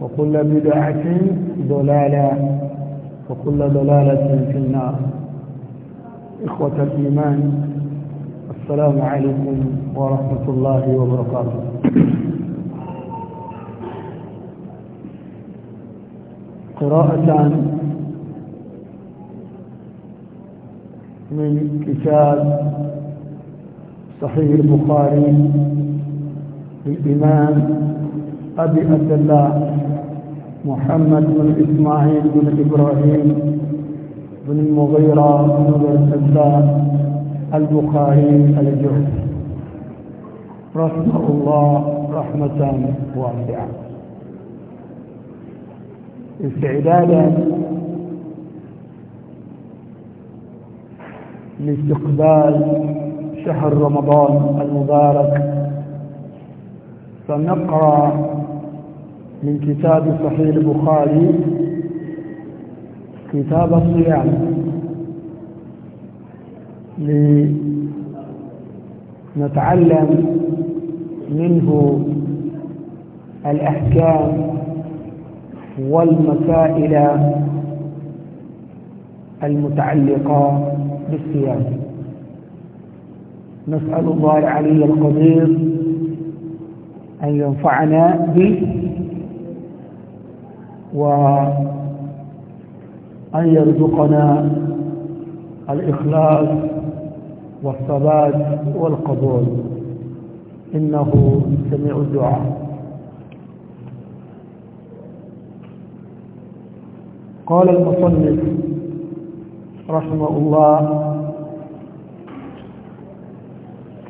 وكل بدعة ضلالة وكل ضلالة في النار إخوة الإيمان السلام عليكم ورحمة الله وبركاته قراءة من كتاب صحيح البخاري للإمام أبي عبد الله محمد بن إسماعيل بن إبراهيم بن المغيرة بن الأسد البخاري الجهد رحمه الله رحمة واسعة استعدادا لاستقبال شهر رمضان المبارك فنقرأ من كتاب صحيح البخاري كتاب الصيام لنتعلم منه الأحكام والمسائل المتعلقة بالصيام نسأل الله العلي القدير أن ينفعنا به وأن يرزقنا الإخلاص والثبات والقبول إنه سميع الدعاء قال المصنف رحمه الله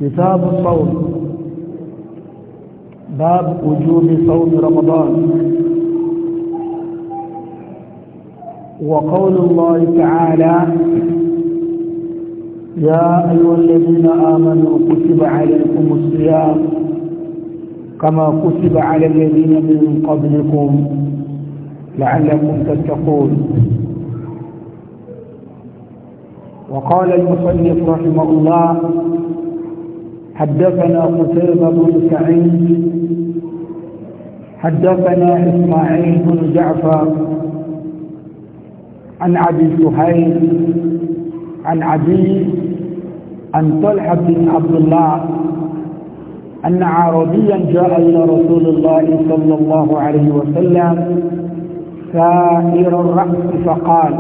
كتاب الصوم باب وجوب صوم رمضان وقول الله تعالى يا أيها الذين آمنوا كتب عليكم الصيام كما كتب على الذين من قبلكم لعلكم تتقون وقال المصنف رحمه الله حدثنا قتيبة بن سعيد حدثنا إسماعيل بن جعفر عن أبي سهيل عن عدي عن طلحة بن عبد الله أن عربيا جاء إلى رسول الله صلى الله عليه وسلم سائر الرأس فقال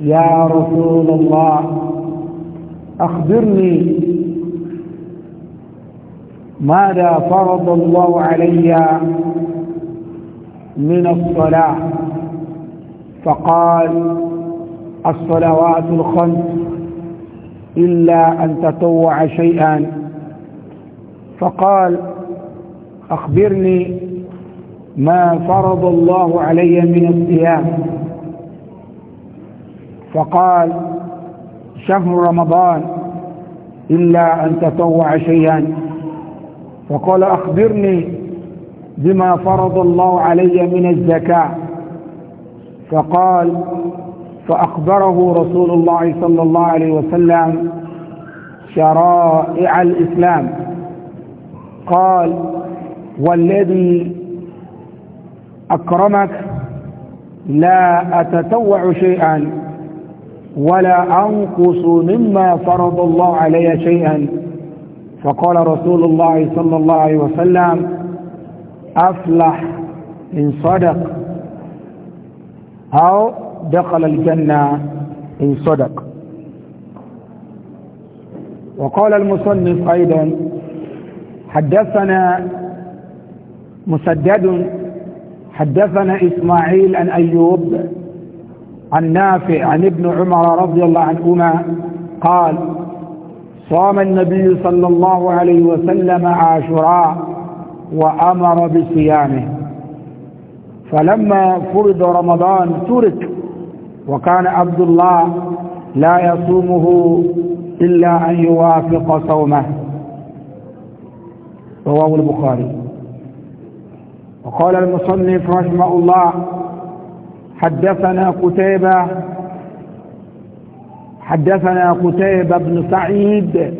يا رسول الله أخبرني ماذا فرض الله علي من الصلاة فقال الصلوات الخمس إلا أن تطوع شيئا فقال أخبرني ما فرض الله علي من الصيام فقال شهر رمضان إلا أن تطوع شيئا فقال أخبرني بما فرض الله علي من الزكاة فقال فأخبره رسول الله صلى الله عليه وسلم شرائع الإسلام قال والذي أكرمك لا أتتوع شيئا ولا أنقص مما فرض الله علي شيئا فقال رسول الله صلى الله عليه وسلم أفلح إن صدق أو دخل الجنة إن صدق وقال المصنف أيضا حدثنا مسدد حدثنا إسماعيل عن أيوب عن نافع عن ابن عمر رضي الله عنهما قال صام النبي صلى الله عليه وسلم عاشوراء وأمر بصيامه فلما فرض رمضان ترك وكان عبد الله لا يصومه إلا أن يوافق صومه رواه البخاري وقال المصنف رحمه الله حدثنا قتيبة حدثنا قتيبة بن سعيد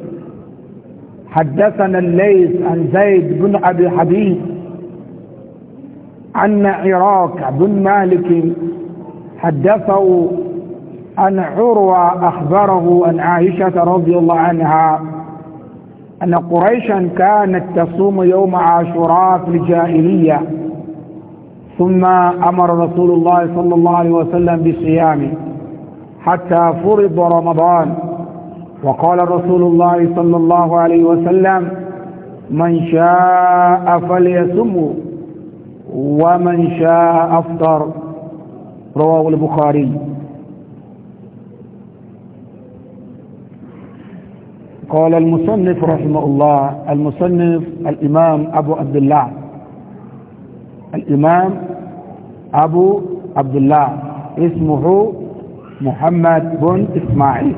حدثنا الليث عن زيد بن أبي حبيب أن عراك بن مالك حدثه أن عروة أخبره أن عائشة رضي الله عنها أن قريشا كانت تصوم يوم عاشوراء في الجاهلية ثم أمر رسول الله صلى الله عليه وسلم بصيامه حتى فرض رمضان وقال رسول الله صلى الله عليه وسلم من شاء فليصمه ومن شاء أفطر رواه البخاري قال المصنف رحمه الله المصنف الإمام أبو عبد الله الإمام أبو عبد الله اسمه محمد بن إسماعيل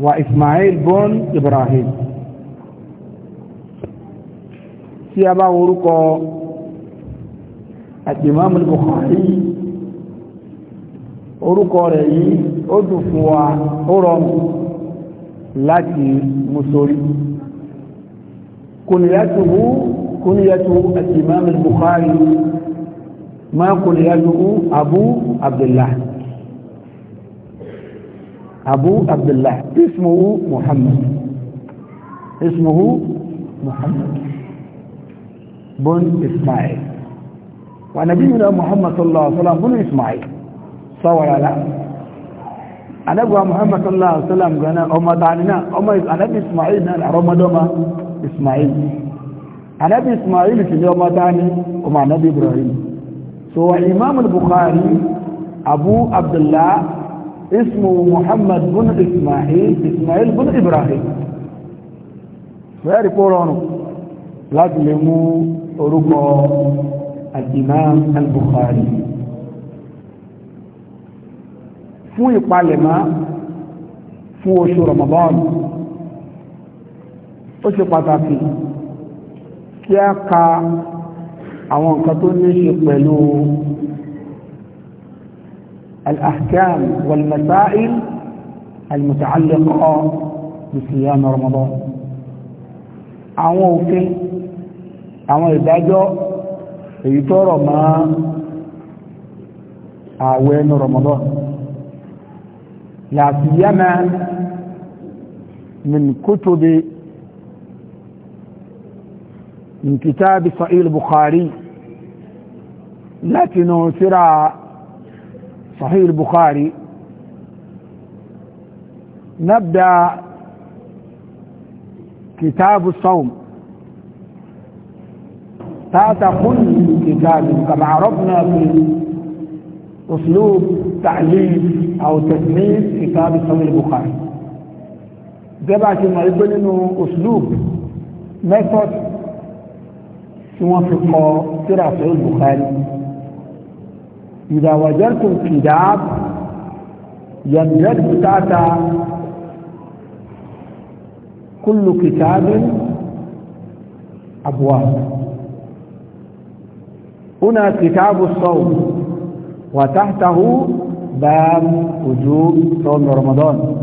وإسماعيل بن إبراهيم tí a bá orúkọ àti Imam Bukhari orúkọ rẹ̀ yìí ó dùn fún wa ó rọrùn láti mú sórí kùnìyàtùwú kùnìyàtù àti Imam Bukhari ma kùnìyàtùwú Abu Abdullah Abu Abdullah ismuhu Muhammad ismuhu Muhammad بن إسماعيل ونبينا محمد صلى الله عليه وسلم بن إسماعيل صور لا أنبوى محمد صلى الله عليه وسلم قلنا أما دعننا أما أنبي إسماعيل أرمى دوما إسماعيل أنبي إسماعيل في اليوم دعني أما نبي إبراهيم سوى الإمام البخاري أبو عبد الله اسمه محمد بن إسماعيل إسماعيل بن إبراهيم ويري قولونه láti lè mú orúkọ al-Imam al-Bukhari fún ìpalẹ̀mọ́ fún oṣù Ramadan ó ṣe pàtàkì kí a ka àwọn nǹkan tó ní ṣe pẹ̀lú al-ahkam wal-masail al-muta'alliqa bi siyam Ramadan àwọn òfin àwọn ìdájọ́ èyí tọ́rọ̀ ma àwẹ́ ẹnu Ramadan la siyama min kutubi min kitabi sahih Bukhari láti látinú síra sahih Bukhari نبدأ كتاب الصوم تحت كل كتاب كما عرفنا في أسلوب تعليم أو تسليم كتاب صحيح البخاري جبع ما يقول إنه أسلوب ميثود يوافق ترى صحيح البخاري إذا وجدتم كتاب يندرج تحت كل كتاب أبواب هنا كتاب الصوم وتحته باب وجوب صوم رمضان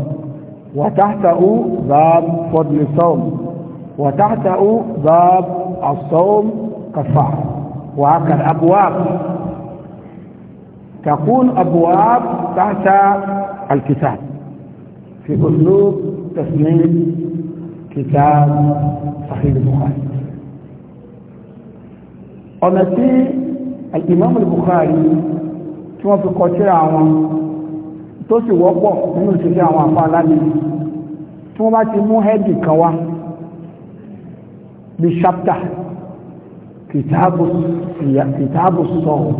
وتحته باب فضل الصوم وتحته باب الصوم كفاح وهكذا أبواب تكون أبواب تحت الكتاب في أسلوب تصميم كتاب صحيح البخاري ọ̀nà Al-Imam bukhari tí wọ́n fi kọ tírà wọn tó sì wọ́pọ̀ nínú ìṣẹ̀lẹ̀ àwọn àfa aládé tí wọ́n bá ti mú hẹ́ẹ̀dì kan wá bí ṣáptà kìtàbù sọ̀rọ̀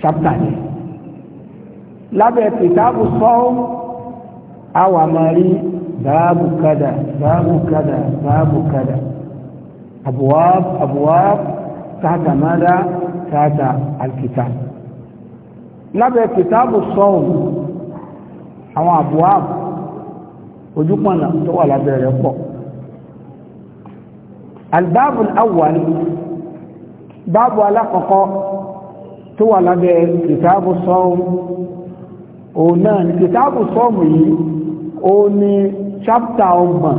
ṣáptà ni lábẹ́ kìtàbù sọ̀rọ̀ àwọn àmàrí báàbù kádà tààtà mada tààtà alkitab lábẹ́ kìtàbù sọ́ọ̀n àwọn àbúwáàbù ojúpọ̀nà tó wà lábẹ́ rẹ̀ pọ̀ albáàbù awwal báàbù alákọ̀ọ́kọ́ tó wà lábẹ́ kìtàbù sọ́ọ̀n òun náà ni kìtàbù sọ́ọ̀n yìí ó ní chapter ọgbọ̀n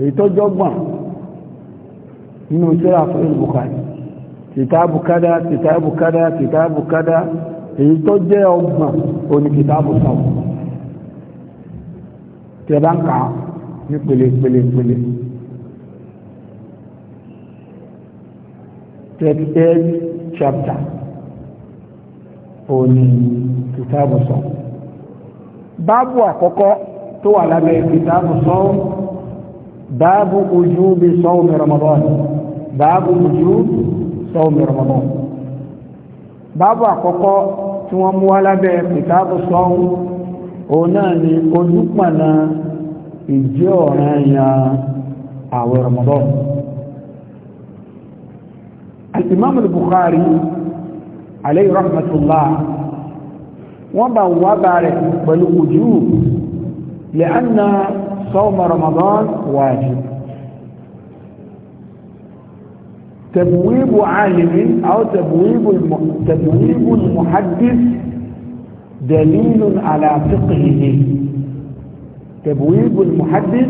èyí tó jọ́gbọ̀n nínú tíra fún ìbùkárì kìtàbù kádà kìtàbù kádà kìtàbù kádà èyí tó jẹ́ ọgbọ̀n òní kìtàbù sọ̀rọ̀ tẹ bá ń kà á ní pèlépèlépèlé thirty eight chapter òní kìtàbù sọ̀rọ̀ báàbù àkọ́kọ́ tó wà lábẹ́ kìtàbù sọ̀rọ̀ báàbù ojú bí sọ́ọ̀mù Ramadan báàbù ojú sọ́ọ̀mù Ramadan báàbù àkọ́kọ́ tí wọ́n mú wá lábẹ́ kìtàbù sọ́ọ̀mù òun náà ni ojúpànà ìjẹ́ ọ̀ràn yan àwẹ̀ Ramadan al-Imam al-Bukhari alayhi rahmatullah wọ́n bá wà bá rẹ̀ pẹ̀lú ojú lẹ́ẹ̀nà sọ́ọ̀mù Ramadan wajib تبويب عالم أو تبويب الم... تبويب المحدث دليل على فقهه تبويب المحدث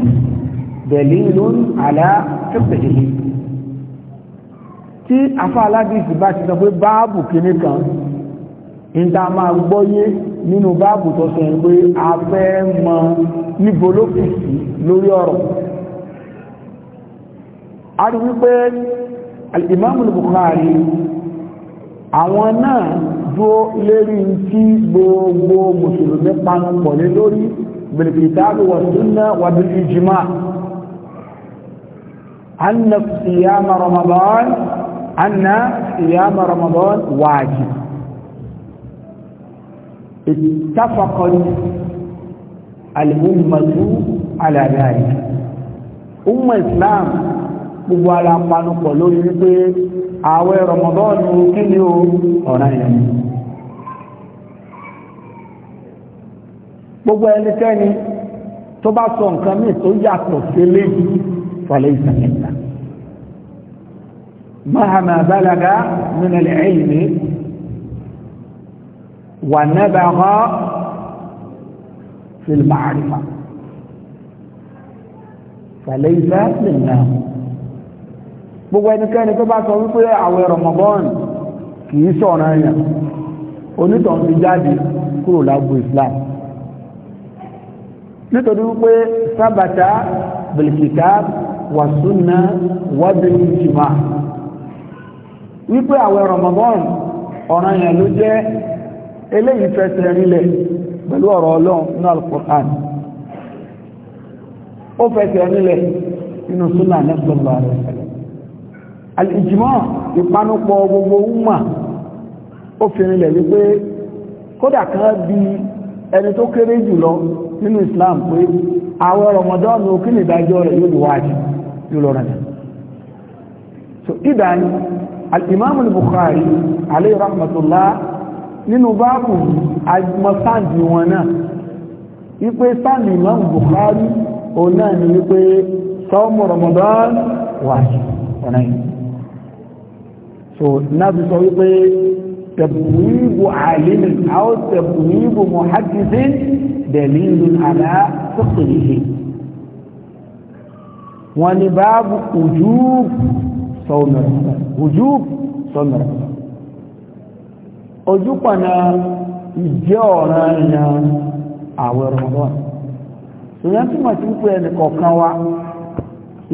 دليل على فقهه tí afáàládìsì bá ti sọ pé báàbù kìíní kan ń tá máa gbọ́yé nínú báàbù tó sọ yẹn pé a fẹ́ mọ níbo ló kù sí lórí ọ̀rọ̀ a rí wípé alìmáàmù Bukhari àwọn náà dúró lérí tí gbogbo mùsùlùmí panupọ̀ lé lórí bilkitabi wa sunna wa bil ijma anna siyama ramadan anna siyama ramadan wajib اتفقت الأمة على ذلك أمة الإسلام gbogbo ara panupọ̀ lórí wípé ààwẹ̀ rọmọdọ́ọ̀nù kí ni ó ọ̀nà ìyẹn gbogbo ẹnikẹ́ni tó bá sọ nǹkan mí tó yàtọ̀ sílé fọlẹ́ ìsàkẹta mahama balaga min al-ilmi wa nabagha fil ma'rifa falaysa min náà gbogbo ẹnikẹ́ni tó bá sọ wípé àwẹ̀ Ramadan kìí sọ̀rọ̀ ẹ̀yàn onítọ̀ ti jáde kúrò lágbo Islam nítorí wípé sábàtà bìlìkìtà wà súnà wádìí ìjìmá wípé àwẹ̀ Ramadan ọ̀rọ̀ ẹ̀yàn ló jẹ́ eléyìí fẹsẹ̀ rinlẹ̀ pẹ̀lú ọ̀rọ̀ ọlọ́run ó fẹsẹ̀ rinlẹ̀ nínú súnà nẹ́sọ̀lọ́ alìjìmọ́ ìpanupọ̀ gbogbo umma ó fi rinlẹ̀ wípé kódà kan bí ẹni tó kéré jùlọ nínú Islam pé àwọn Ramadan ó kí ní ìdájọ́ rẹ̀ yóò lùwájú yóò lọ́rọ̀ náà so ìdáni al-Imam al-Bukhari alayhi rahmatullah nínú báàbù àjùmọ̀ sáàdì wọn náà wípé sáàdì Imam Bukhari òun náà ni wípé sọ́mù Ramadan wájú ọ̀nà yìí so náà fi sọ wípé tẹ̀bùwíbù àlìmì àwọn tẹ̀bùwíbù mọ̀hájísí dẹ̀lìlù àlá sọ́kìlìhì wọ́n ni báàbù ujúb sọ́mẹ̀rẹ̀ ujúb sọ́mẹ̀rẹ̀ ojúpọ̀nà ìjẹ́ ọ̀ràn ìyàn àwẹ̀ rọ̀mọ́dọ́n ìyẹn túnmọ̀ sí pé ẹnìkọ̀ọ̀kan wa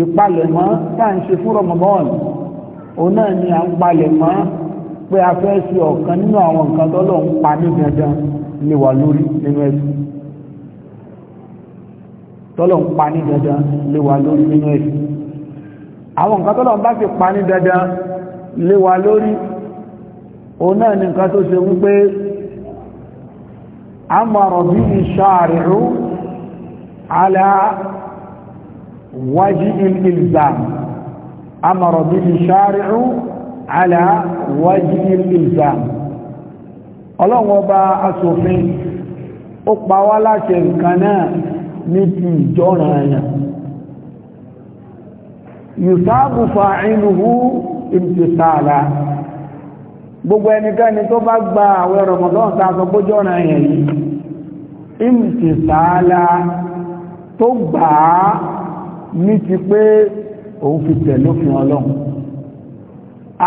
ìpalẹ̀mọ́ táà ń ṣe fún rọ̀mọ́dọ́n òun náà ni à ń palẹ̀ mọ́ pé a fẹ́ ṣe ọ̀kan nínú àwọn nǹkan tó pa ní dandan lè wà lórí nínú ẹ̀sìn tọ́lọ̀ ń pa wa lórí nínú ẹ̀sìn àwọn nǹkan tọ́lọ̀ bá fi pa ní dandan wa lórí òun náà ni nǹkan tó ṣe wípé a mọ̀rọ̀ bí i ala wájí أمر به الشارع على وجه الإلزام ọlọ́run ọba aṣòfin ó pa wá láṣẹ nǹkan náà ní ti ìjọ́ràn àyàn imtisala gbogbo ẹnikẹ́ni tó bá gba àwẹ̀ Ramadan tààsọ gbójọ́ràn àyàn yìí imtisala tó gbàá ní ti pé òun fi tẹ̀lófin ọlọ́run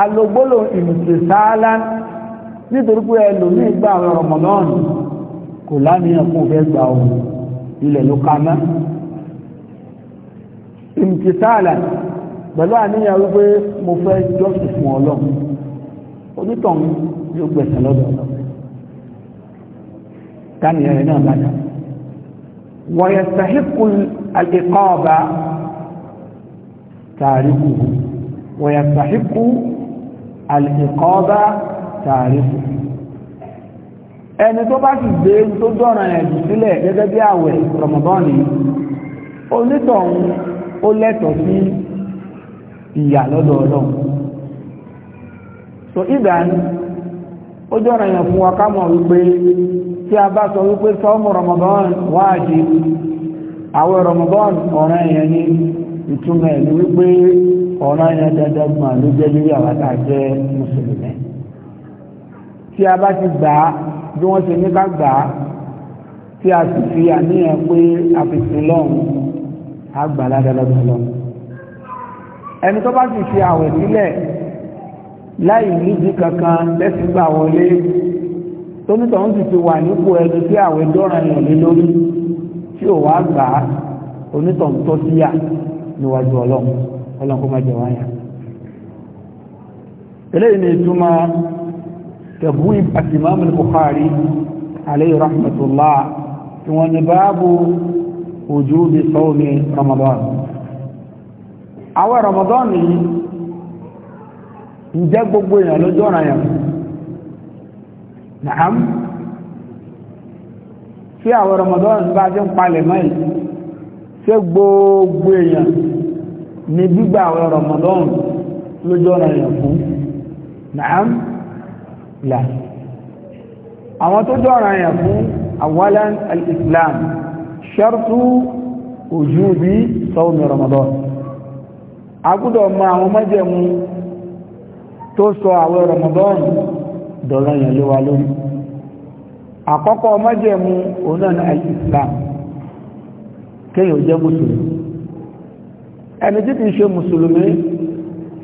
alogbolo ìmùsè sáálá nítorí pé ẹlòmí gba àwọn Ramadan kò láníyàn kó fẹ́ gba ohun ilẹ̀ ló ká mọ́ ìmùsè sáálá pẹ̀lú àníyàn wípé mo fẹ́ jọ́sìn fún ọlọ́run onítọ̀hún yóò gbẹ̀sẹ̀ lọ́dọ̀ táníyàn rẹ̀ náà bá dà wọ̀nyẹ̀ sàhíkù àlẹ́kọ́ tàríkùhù wọ̀yàtàhíkù alìkọ́ọ́bá tàríkù ẹni tó bá sì gbé tó dọ́ràn ẹ̀jù sílẹ̀ gẹ́gẹ́ bí àwẹ̀ rọmọdọ́nì onítọ̀hún ó lẹ́tọ̀ọ́ sí ìyà lọ́dọ̀ ọlọ́run so ìdán ó jọ́rọ̀ yẹn fún wa wípé tí a bá sọ wípé sọ́mù rọmọdọ́nì àwẹ̀ rọmọdọ́nì ni ìtumọ̀ ẹ̀ ni wípé ọ̀ràn yẹn dandan gbọ̀n ló jẹ́ lórí àwọn tá a jẹ́ mùsùlùmí tí a bá ti gbà á bí wọ́n ṣe ní ká gbà á tí a sì fi àníyàn pé a fi sin lọ́hùn á gbà ládàlọ́dún lọ ẹni tó bá sì fi àwẹ̀ sílẹ̀ láì nídìí kankan lẹ́sìn gbà wọlé tónítọ̀hún sì ti wà nípò ẹni tí àwẹ̀ dọ́ràn yàn lé lórí tí ò wá gbà á onítọ̀hún tó síyà níwájú ọlọ́run ọlọ́run kó má jẹ wáyà eléyìí ni ìtumọ̀ tẹ̀bùn ìpàtìmọ́mù Bukhari alayhi rahmatullah tí wọ́n ní báàbù ojú bí sọ́ọ̀mí Ramadan àwọn Ramadan ni ń jẹ́ gbogbo èèyàn lójú ọ̀nà yẹn nàám sí Ramadan bá jẹ́ ń palẹ̀ mọ́ yìí gbogbo èèyàn ní gbígbà àwọn Ramadan lójú ọ̀nà èèyàn fún naam la àwọn tó jọ́ ọ̀nà èèyàn fún awalan al-islam ṣartu wujubi sawmi Ramadan a gbọ́dọ̀ mọ àwọn májẹ̀mú tó sọ àwọn Ramadan dọ̀rọ̀ èèyàn lé lórí àkọ́kọ́ májẹ̀mú òun al-islam kéèyàn jẹ́ mùsùlùmí ẹni tí kìí ṣe mùsùlùmí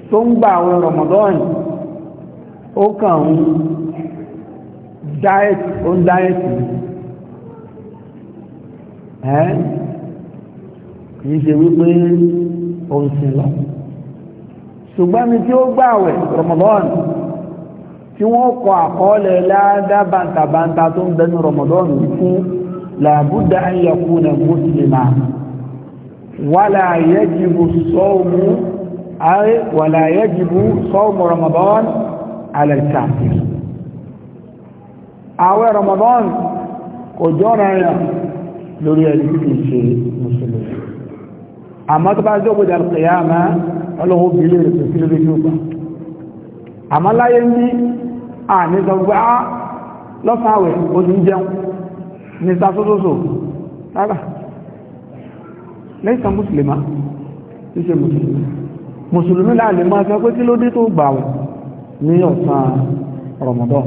tó ń gba àwọn rọmọdọ́ọ̀nì ó kàn ń dáẹ̀tì ó ń dáẹ̀tì ẹ́ kìí ṣe wípé ó ń sin lọ ṣùgbọ́n ní tí ó gbààwẹ̀ rọmọdọ́ọ̀nì tí wọ́n kọ àkọọ́lẹ̀ ládá bàǹtàbàǹtà tó ń bẹnu rọmọdọ́ọ̀nì fún làbúdà ń yẹ kú nà ولا يجب الصوم أي ولا يجب صوم رمضان على الكافر àwẹ̀ Ramadan kò jọ́ra ẹ̀yà lórí ẹni tí kìí ṣe mùsùlùmí àmọ́ tó bá jọ bó dàrú kìí àmá ọlọ́wọ́ bí lè rẹ̀ sí lórí yóò àmọ́ láyé ní àní sọ pé á ah, lọ́sàn jẹun ní sasósòsò lẹ́sàn mùsùlùmá tí ṣe mùsùlùmí mùsùlùmí láàlè máa sọ pé kí ló dé tó gbàwọ̀ ní ọ̀sán rọmọdọ́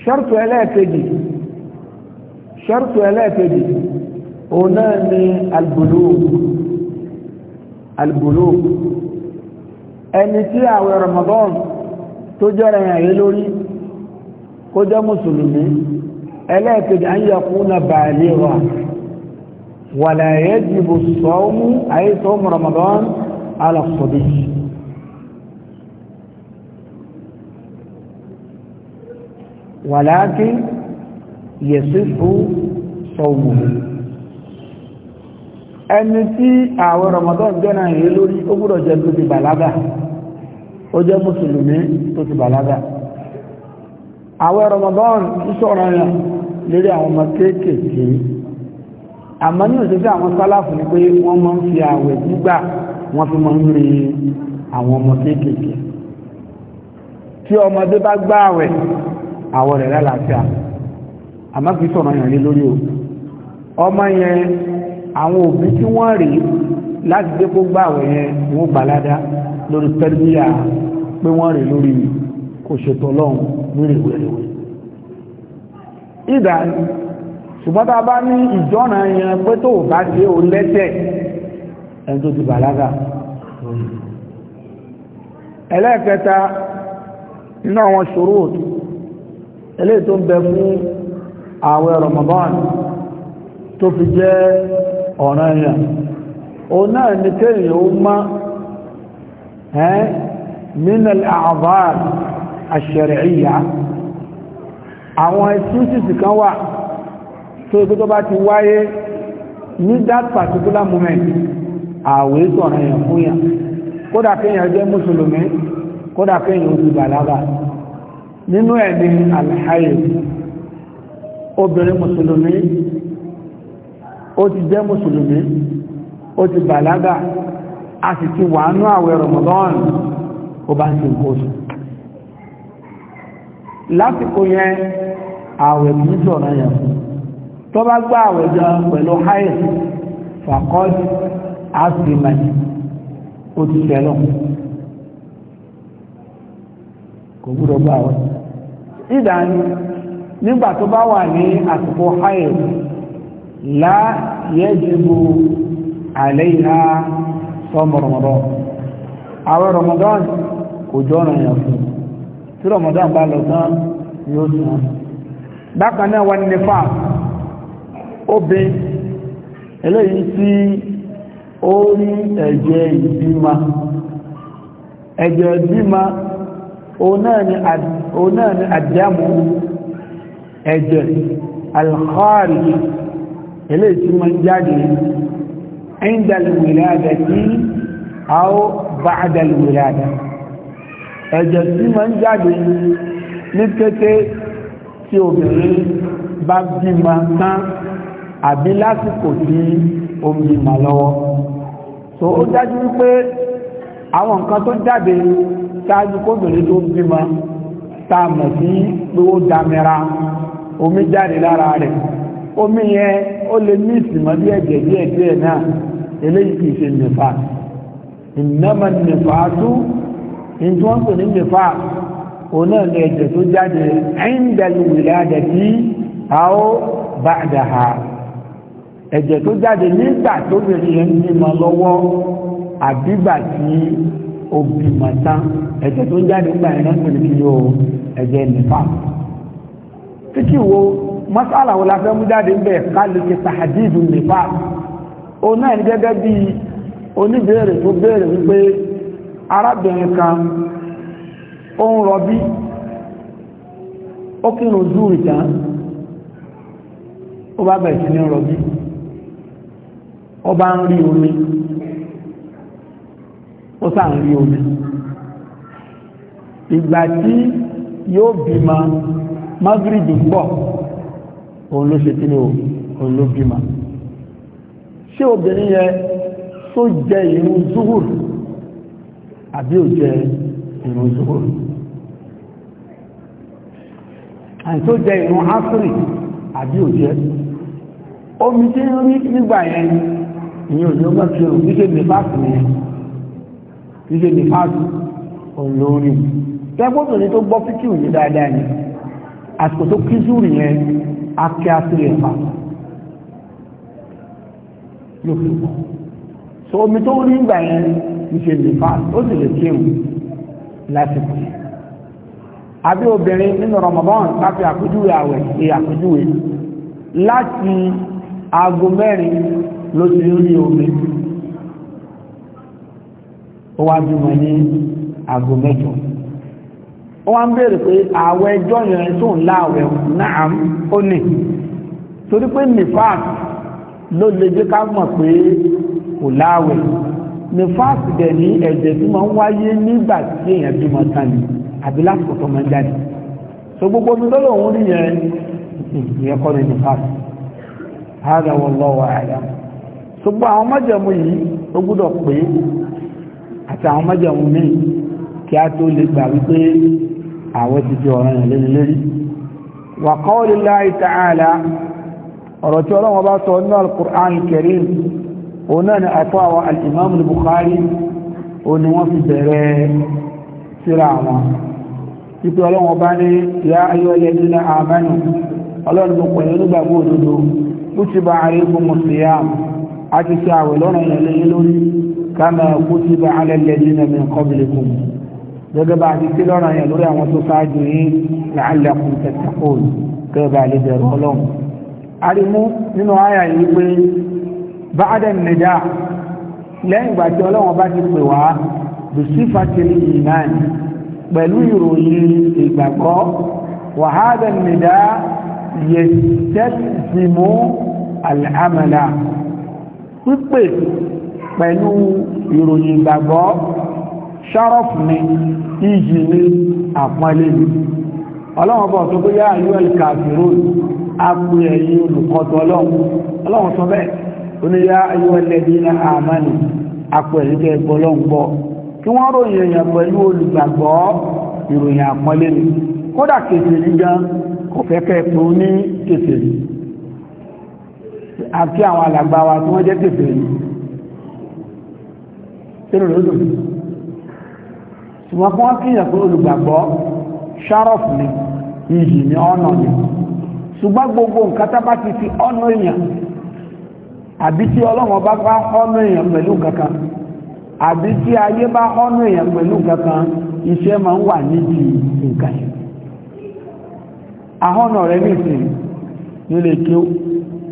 ṣẹ́rùtù ẹlẹ́ẹ̀kejì ṣẹ́rùtù ẹlẹ́ẹ̀kejì òun náà ni albulugh albulugh ẹni tí àwẹ̀ rọmọdọ́n tó jẹ́rẹ̀ ẹ̀yẹ lórí kó jẹ́ mùsùlùmí ẹlẹ́ẹ̀kejì an ولا يجب الصوم أي صوم رمضان على الصبي ولكن يصح صومه ẹni tí àwọn Ramadan jẹ́nà yìí lórí ó gbọ́dọ̀ jẹ́ tó ti bàlágà ó jẹ́ mùsùlùmí tó ti bàlágà àwọn Ramadan ìṣọ́ra yàn lórí àwọn ọmọ kéékèèké àmọ́ ní òṣèṣẹ́ àwọn sálàfù ni pé wọ́n máa ń fi àwẹ̀ gbígbà wọ́n fi máa ń re àwọn ọmọ kéékèèké tí ọmọdé bá gbá àwẹ̀ àwọ̀ rẹ̀ lálàáfíà àmọ́ kìí sọ̀rọ̀ yàn lé lórí o ọmọ yẹn àwọn òbí tí wọ́n rí láti dé kó gbá àwẹ̀ yẹn wọ́n gbà ládá lórí tẹ́lifíà pé wọ́n rí lórí kò ṣètò ọlọ́run wérewérewé ìdá ṣùgbọ́n tá a bá ní ìjọ́nà yẹn pé tó bá ṣe ò lẹ́tẹ̀ ẹni tó ti bàlágà ẹlẹ́ẹ̀kẹta nínú àwọn ṣòro eléyìí tó ń bẹ fún ààwẹ̀ Ramadan tó fi jẹ́ ọ̀ràn yẹn òun náà ni kéèyàn ó má ẹ́ minal a'dhar ash-shar'iyya àwọn ẹ̀sùn sísì kan wà tó gbogbo bá ti wáyé ní that particular moment àwẹ̀ sọ̀rọ̀ èèyàn fún yàn kódà kéèyàn jẹ́ mùsùlùmí kódà kéèyàn ojú bàlágà nínú ẹ̀ ní alhaye obìnrin mùsùlùmí ó ti jẹ́ mùsùlùmí ó ti bàlágà a sì ti wà nú àwẹ̀ Ramadan ó bá ń ṣe nǹkan oṣù lásìkò yẹn àwẹ̀ kìí sọ̀rọ̀ èèyàn fún tó bá gbá àwẹ̀jọ pẹ̀lú haid fàkọ́d asimen ó ti tẹ̀lọ kò gbúdọ̀ gbá àwẹ̀ ìdáni nígbà tó bá wà ní àsìkò haid lá yẹ́jìbò àlẹ́yìnà sọmọ rọmọdán àwẹ̀ rọmọdán kò jọ ọ̀nà ìyàfún tí rọmọdán bá lọ tán yóò obìn eléyìí tí ó rí ẹ̀jẹ̀ ìbímá ẹ̀jẹ̀ ìbímá òun náà ni àdámù ẹ̀jẹ̀ alkhari eléyìí tí ma ń jáde عند الولادة أو بعد الولادة ẹ̀jẹ̀ tí ma ń jáde ní kété tí obìnrin bá bímọ tán àbí lásìkò tí ó ń bímọ lọ́wọ́ so ó dájú wípé àwọn nǹkan tó jáde ṣáájú kóbìnrin tó bímọ tá a mọ̀ sí pé ó dámẹ́ra omi jáde lára rẹ̀ omi yẹn ó lè ní ìsìnmọ́ bí ẹ̀jẹ̀ díẹ̀ díẹ̀ náà eléyìí kìí ṣe nìfà ìnáma nìfà tú ìtúwọ́pẹ̀ ní nìfà òun náà ní ẹ̀jẹ̀ tó jáde ẹ̀yìn dẹ̀lú wìlẹ̀ àdẹ̀tí àó ba'daha ẹ̀jẹ̀ tó jáde nígbà tó bèrè yẹn ń bímọ lọ́wọ́ àbígbà tí ó bímọ tán ẹ̀jẹ̀ tó jáde nígbà yẹn ń pèlè kí ẹ̀jẹ̀ nìfà. títí wo mọ́sálà wo la fẹ́ mú jáde ń bẹ̀ o náà ní gẹ́gẹ́ bí oníbèrè tó wípé arábìnrin kan ó ń rọbí ó ó bá bẹ̀rẹ̀ sí ní rọbí. ọba ń rí omi ó sá ń rí omi ìgbà tí yóò bímọ magrib ń bọ̀ òun ló ṣe kíni o òun ló bímọ ṣé obìnrin yẹ tó jẹ ìrun zuhur àbí ò jẹ ìrun zuhur àti tó jẹ ìrun asiri àbí ò jẹ omi tí ń rí nígbà yẹn ìyẹn òní ọgbà tí òun níṣẹ́ ní fáàkì nìyẹn níṣẹ́ ní fáàkì òun lórí tẹ́gbọ́bìnrin tó gbọ́ fíkì òní dáadáa ni àsìkò tó kí zúrì yẹn akẹ́ àtúnyẹ̀ fà yóò fi pọ̀ so omi tó rí ìgbà yẹn níṣẹ́ ní fáàkì ó sì lè kéwù lásìkò yẹn àbí obìnrin nínú Ramadan láti àpéjúwe àwẹ̀ ṣe àpéjúwe láti aago mẹ́rin ló ti rí omi ó wá bímọ ní aago mẹ́jọ ó wá ń béèrè pé ààwẹ̀ ẹjọ́ yẹn tó ń láàwẹ̀ náà ó nì torí pé nifas ló lè jẹ́ ká mọ̀ pé kò láàwẹ̀ nifas dẹ̀ ní ẹ̀jẹ̀ tí máa ń wáyé nígbà tí èèyàn bímọ tán ni àbí lásìkò tó máa ń jáde so gbogbo omi tó lòun rí yẹn ìyẹn kọ́ ni nifas hada wallahu a'lam gbogbo àwọn májẹ̀mú yìí ó gbúdọ̀ pé àti àwọn májẹ̀mú míì kí a tó lè gbà wípé àwọn ti di ọ̀ràn ìlérí lérí wa qawlillahi ta'ala ọ̀rọ̀ tí ọlọ́wọ́ bá sọ ní al-Qur'an al-Karim òun náà ni àpá àwọn al-Imam al ó ní wọ́n fi bẹ̀rẹ̀ síra àwọn ipe ọlọ́wọ́ bá ní ya ayyuhalladhina amanu ọlọ́run pẹ̀lú nígbàgbọ́ òdodo kutiba alaykumus siyam àti ṣe àwẹ̀ lọ́nà ìyẹ̀lẹ́yìn lórí kama kutiba ala alladhina min qablikum gẹ́gẹ́ bá ti ṣe lọ́nà yẹn lórí àwọn tó ṣáájú yìí la'allakum tattaqun gẹ́gẹ́ bá lè bẹ̀rù ọlọ́run arimu nínú àyà yìí pé ba'da nìdá lẹ́yìn ìgbà tí ọlọ́run bá ti pè wá bisifatil iman pẹ̀lú ìròyìn ìgbàgbọ́ wa hadha nìdá yastazmu al pípè pẹ̀lú ìròyìn ìgbàgbọ́ ṣárọ́fù ni ìjì ni àpọ́nlé ni ọlọ́run bọ̀ tó bóyá àyíwẹ̀ kàfíró àpò ẹ̀yìn olùkọ́tọ̀ ọlọ́run ọlọ́run sọ bẹ́ẹ̀ oníyá àyíwẹ̀ lẹ́bí ní àmánì àpò ẹ̀yìn jẹ́ ẹgbọ́ ọlọ́run gbọ́ kí wọ́n ròyìn èèyàn pẹ̀lú olùgbàgbọ́ ìròyìn àpọ́nlé ni kódà kèfèrí gan kò fẹ́ kẹ́ pé ó ní kèfèrí àti àwọn alàgbà wa tí wọ́n jẹ́ tèfèrè yìí tí lódò ṣùgbọ́n kí wọ́n kíyàn fún olùgbàgbọ́ sharaf ni ni ọ̀nà ni ṣùgbọ́n gbogbo nǹkan ti fi ọ̀nà èèyàn àbí tí ọlọ́wọ́n bá bá ọ̀nà èèyàn pẹ̀lú kankan àbí tí ayé bá ọ̀nà èèyàn pẹ̀lú kankan iṣẹ́ máa ń wà nǹkan rẹ̀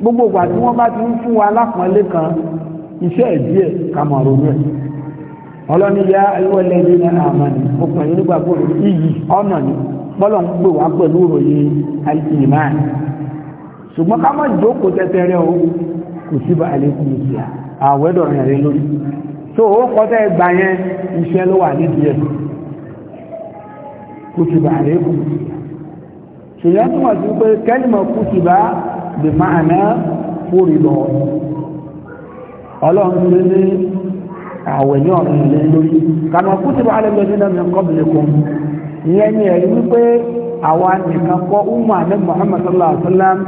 gbogbo ìgbà tí wọ́n bá ti ń fún wa lápọ̀nlé kan iṣẹ́ ìdíẹ̀ kàmọ̀rún rẹ̀ ọlọ́ni yá ayọ́lẹ̀ ní ọkùnrin iyì ọ̀nà ni bọ́lọ̀ ń wá pẹ̀lú ìròyìn àìsìnìmáà ṣùgbọ́n ká o kò sí àwẹ́ lórí tó o gbà yẹn iṣẹ́ ló wà kò sí sí pé bí máa náà fórí lọ ọlọ́run lé ní àwẹ̀ ní ọ̀rọ̀ ìrìn lórí kàmà kú ti bá alẹ́gbẹ̀ẹ́ náà nǹkan bìnrin ìyẹn ni ẹ̀rí wípé àwa nìkan kọ́ umu ahmed muhammad sallallahu alaihi wa sallam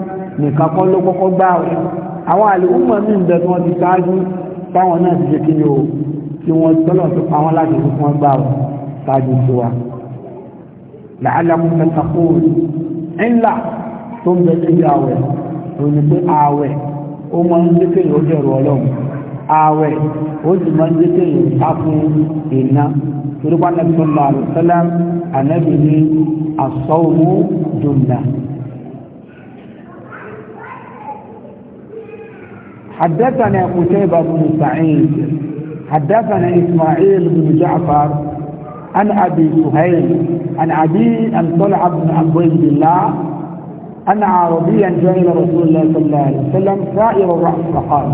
nìkan kọ́ ló kọ́kọ́ gbá rẹ̀ àwọn àlè umu mi ń bẹ tí wọ́n ti ṣáájú táwọn náà ti ṣe kí ni o tí wọ́n tọ́lọ̀ tó pa wọn láti fi fún gbá rẹ̀ ṣáájú sí wa. làálàkùn fẹ́ sàkóòrì ńlá tó ń bẹ sí ìyá òun ni pé ààwẹ̀ ó máa ń jẹ́ kéèyàn ó jẹ̀rù ọlọ́run ààwẹ̀ ó sì máa ń jẹ́ kéèyàn sá fún iná torí pa nàbí ànábì ní àsọ̀wò jùlá. حدثنا قتيبة بن سعيد حدثنا إسماعيل بن جعفر عن أبي سهيل عن أبي أن طلع بن عبد الله أن عربيا جعل رسول الله صلى الله عليه وسلم سائر الرأس فقال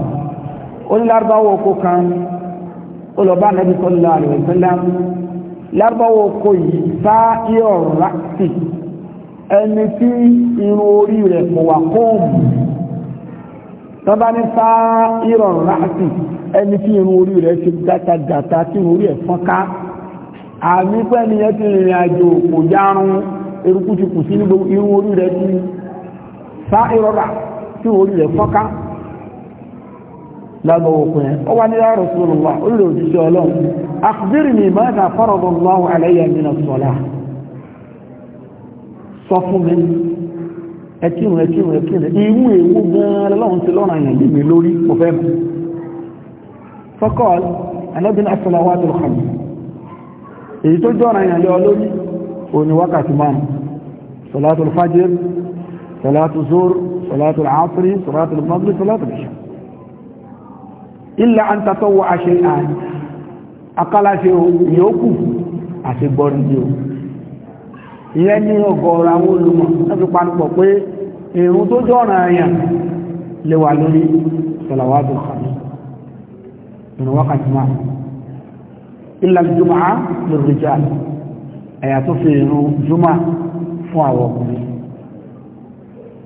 قل الأربع وكوكا قل أبا النبي صلى الله عليه وسلم الأربع وكوي سائر الرأس ẹni tí irun orí rẹ̀ kò wà kóòmù tó bá ní sáà ìrọ̀rùn láti ẹni tí irun orí rẹ̀ ti gátagàta tí irun orí ẹ̀ fọ́nká àmì pẹ́ni yẹn ti rìnrìn àjò kò járun eruku ti kù sí ní gbogbo irun orí rẹ̀ ti sá ìrọ̀rà tí orí rẹ̀ fọ́ká lábọ̀ òkun ẹ̀ ọ wá ní ya Rasulullah olùrò òjíṣẹ́ ọlọ́run akhbirni madha faradallahu alayya min as-salah sọ fún mi ẹkírun ẹkírun ẹkírun ìwú èwú gan-an lọ́run ti lọ́rùn àyàn lè mi lórí mo صلاة الظهر صلاة العصر صلاة المغرب صلاة العشاء إلا أن تطوع شيئا أقل شيء يوكف أسيبور ديو ìyẹn ní ọgọ́rọ̀ àwọn olùmọ̀ láti panupọ̀ pé ìrun tó jọ́ràn àyàn lè wà lórí sọ̀làwádùn kàmí ìrun wákàtí máa ilẹ̀ jùmọ̀ lórí jà ẹ̀yà tó fi ìrun jùmọ̀ fún àwọn ọkùnrin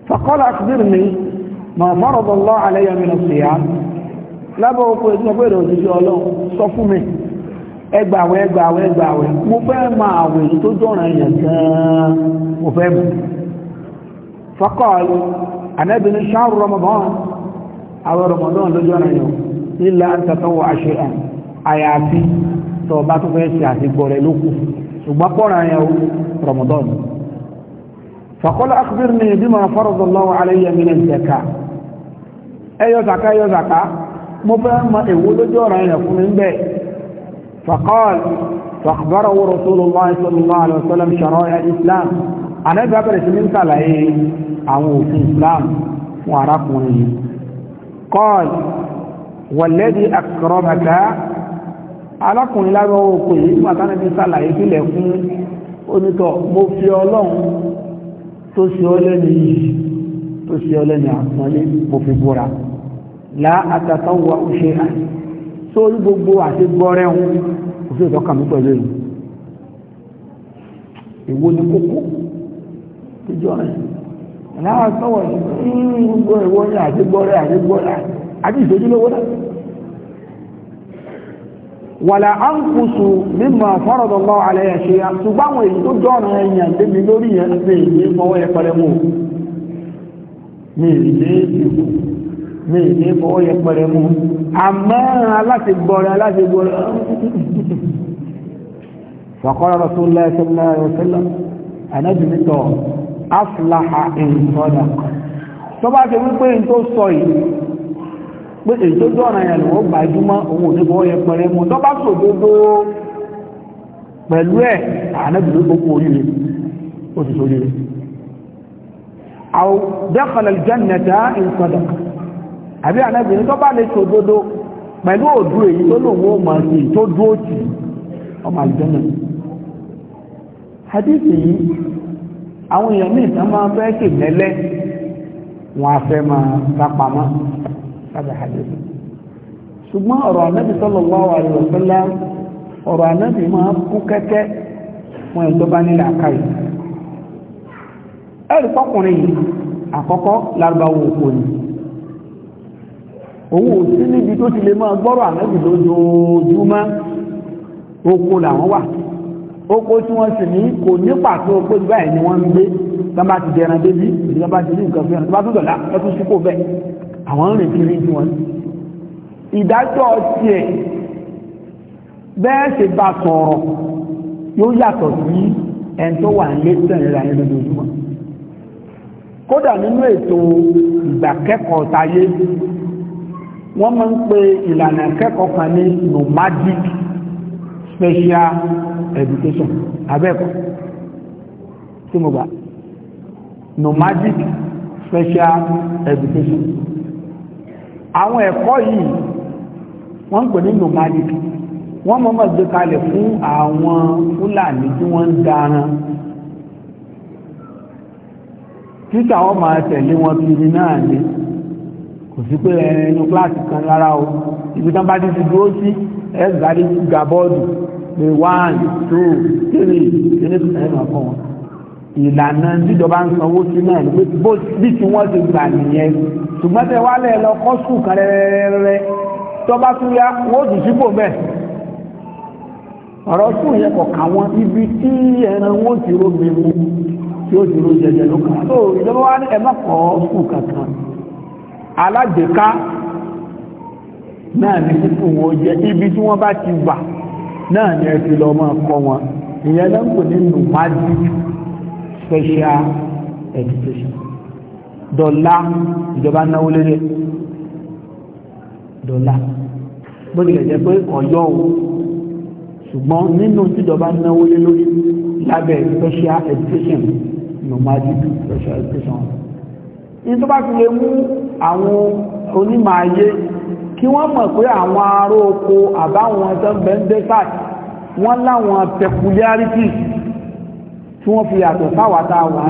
فقال أخبرني ما فرض الله علي من الصيام lábọ̀ ọkọ̀ ìdí ọgbẹ́ ìrọ̀ òjijì ọlọ́run sọ fún mi ma àwẹ̀ èyí tó jọ̀ràn èèyàn gan-an mo fẹ́ mú fọ́kọ̀ọ̀lù rọmọdọn ṣáàrù rọmọdán àwẹ̀ rọmọdán ló jọ̀ràn فقال أخبرني بما فرض الله علي من الزكاة أي زكاة أي زكاة مفهم أول جورا يكون من بيت فقال فأخبره رسول الله صلى الله عليه وسلم شرائع الإسلام أنا بابرس من سلعي أو في الإسلام وعرفني قال والذي أكرمك alákùnrin lábẹ́ ọkọ̀ yìí màtánà bí sàlàyé sílẹ̀ fún onítọ̀ mo fi ọlọ́run tó ṣe ọ lẹ́nu yìí tó ṣe ọ lẹ́nu àpọ́nlé mo fi búra là àtàtàwà ó ṣe à sórí gbogbo àti gbọ́rẹ́hún kò sí ìtọ́ka mi pẹ̀lú èyí èwo ni kókó tíjọ́ rẹ̀ láwọn àtọ́wọ̀ ìgbọ́ hmm, ìwọ́nyà àti gbọ́rẹ́ àti gbọ́rẹ́ àti ìṣojúlówó náà wàlà àǹkùsù mímọ̀ fọ́rọ̀dọ̀lọ́ alẹ́ ẹ̀ṣẹ́ àtúgbàwọn èyí tó dọ́ọ̀nà ẹ̀yàn débi lórí yẹn pé èyí fọwọ́ ẹ̀pẹ̀rẹ̀ mú mi ìdí ìkù mi ìdí fọwọ́ ẹ̀pẹ̀rẹ̀ mú àmọ́ aláti gbọ́rẹ̀ aláti gbọ́rẹ̀ fọ̀kọ́rọ̀ rasulullah sallallahu alaihi wasallam pé ètò tó ọ̀nà ìyàlù ó gbàjúmọ́ òun òní fọwọ́ yẹn pẹ̀rẹ́ mú tó bá sòdodo pẹ̀lú ẹ̀ ànábìlú tó kú oríire ó sì sóríire àwọn dakhala al-jannata in sadaqa àbí ànábìlú tó bá lè sòdodo pẹ̀lú òdú èyí tó lòun ó هذا حديث ṣùgbọ́n ọ̀rọ̀ ànábì sallallahu alaihi wasallam ọ̀rọ̀ ànábì máa kú kẹ́kẹ́ fún ẹ̀ tó bá ní làákàyè ẹ̀rì pọ́kùnrin yìí àkọ́kọ́ lárúbáwò òkò ni òun ò sí níbi tó ti lè máa gbọ́rọ̀ ànábì lójoojúmọ́ oko làwọn wà oko tí wọ́n sì ní kò ní pàtó pé báyìí ni wọ́n ń gbé tí bá ti dẹran débí tí ti ní nǹkan fẹ́ràn tí wọ́n bá tó dọ̀lá ẹ tún sípò bẹ́ẹ̀ àwọn rìn kiri jù wọn ìdájọ́ tiẹ̀ bẹ́ẹ̀ ṣe bá sọ̀rọ̀ yóò yàtọ̀ sí ẹn tó wà ń lé tẹ̀lera ẹni lójoojúmọ́ kódà nínú ètò ìgbàkẹ́kọ̀ọ́ tayé wọ́n máa ń pe ìlànà ìkẹ́kọ̀ọ́ kan ní nomadic special education abẹ́ẹ̀kọ́ tí mo gbà nomadic special education àwọn ẹ̀kọ́ yìí wọ́n ń pè ní nomadic wọ́n mọ́ mọ́ gbé kalẹ̀ fún àwọn fúlàní tí wọ́n ń daran títà wọ́n máa tẹ̀lé wọn kiri náà ni kò sí pé ẹnu kíláàsì kan rárá o ibi tán bá ti ti dúró sí ẹgbàá gàbọ́ọ̀dù pé one two three ẹni tó tẹ̀lé wọn fún wọn ìlànà dídọ̀bá ń sanwó sí náà ní bó bí tí wọ́n ti gbà nìyẹn ṣùgbọ́n tẹ wá lẹ̀ lọ kọ́ sùn kan rẹ́rẹ́rẹ́rẹ́ tọ́ba tún yá wọ́n sì sípò bẹ́ẹ̀ ọ̀rọ̀ sùn yẹ kọ̀ káwọn ibi tí ẹran wọn ti ro mi mu tí ó ti ro jẹjẹ ló kàn tó ìjọba wa ní ẹ̀mọ́ kọ́ sùn kankan alágbèéká náà ní sípò wọn jẹ ibi tí wọ́n bá ti wà náà ní ẹ ti lọ máa kọ́ wọn ìyẹn ló ń pè ní nomadic special education dọ́là ìjọba náwó lérí dọ́là bó tilẹ̀ jẹ́ pé ọ̀yọ́ o ṣùgbọ́n nínú tíjọba náwó lé lórí special education nomadic special education ní tó bá fi lè mú àwọn onímọ̀ ayé kí wọ́n mọ̀ pé àwọn ará oko àbáwọn tó ń wọ́n láwọn peculiarities tí wọ́n fi yàtọ̀ sáwà tá a wà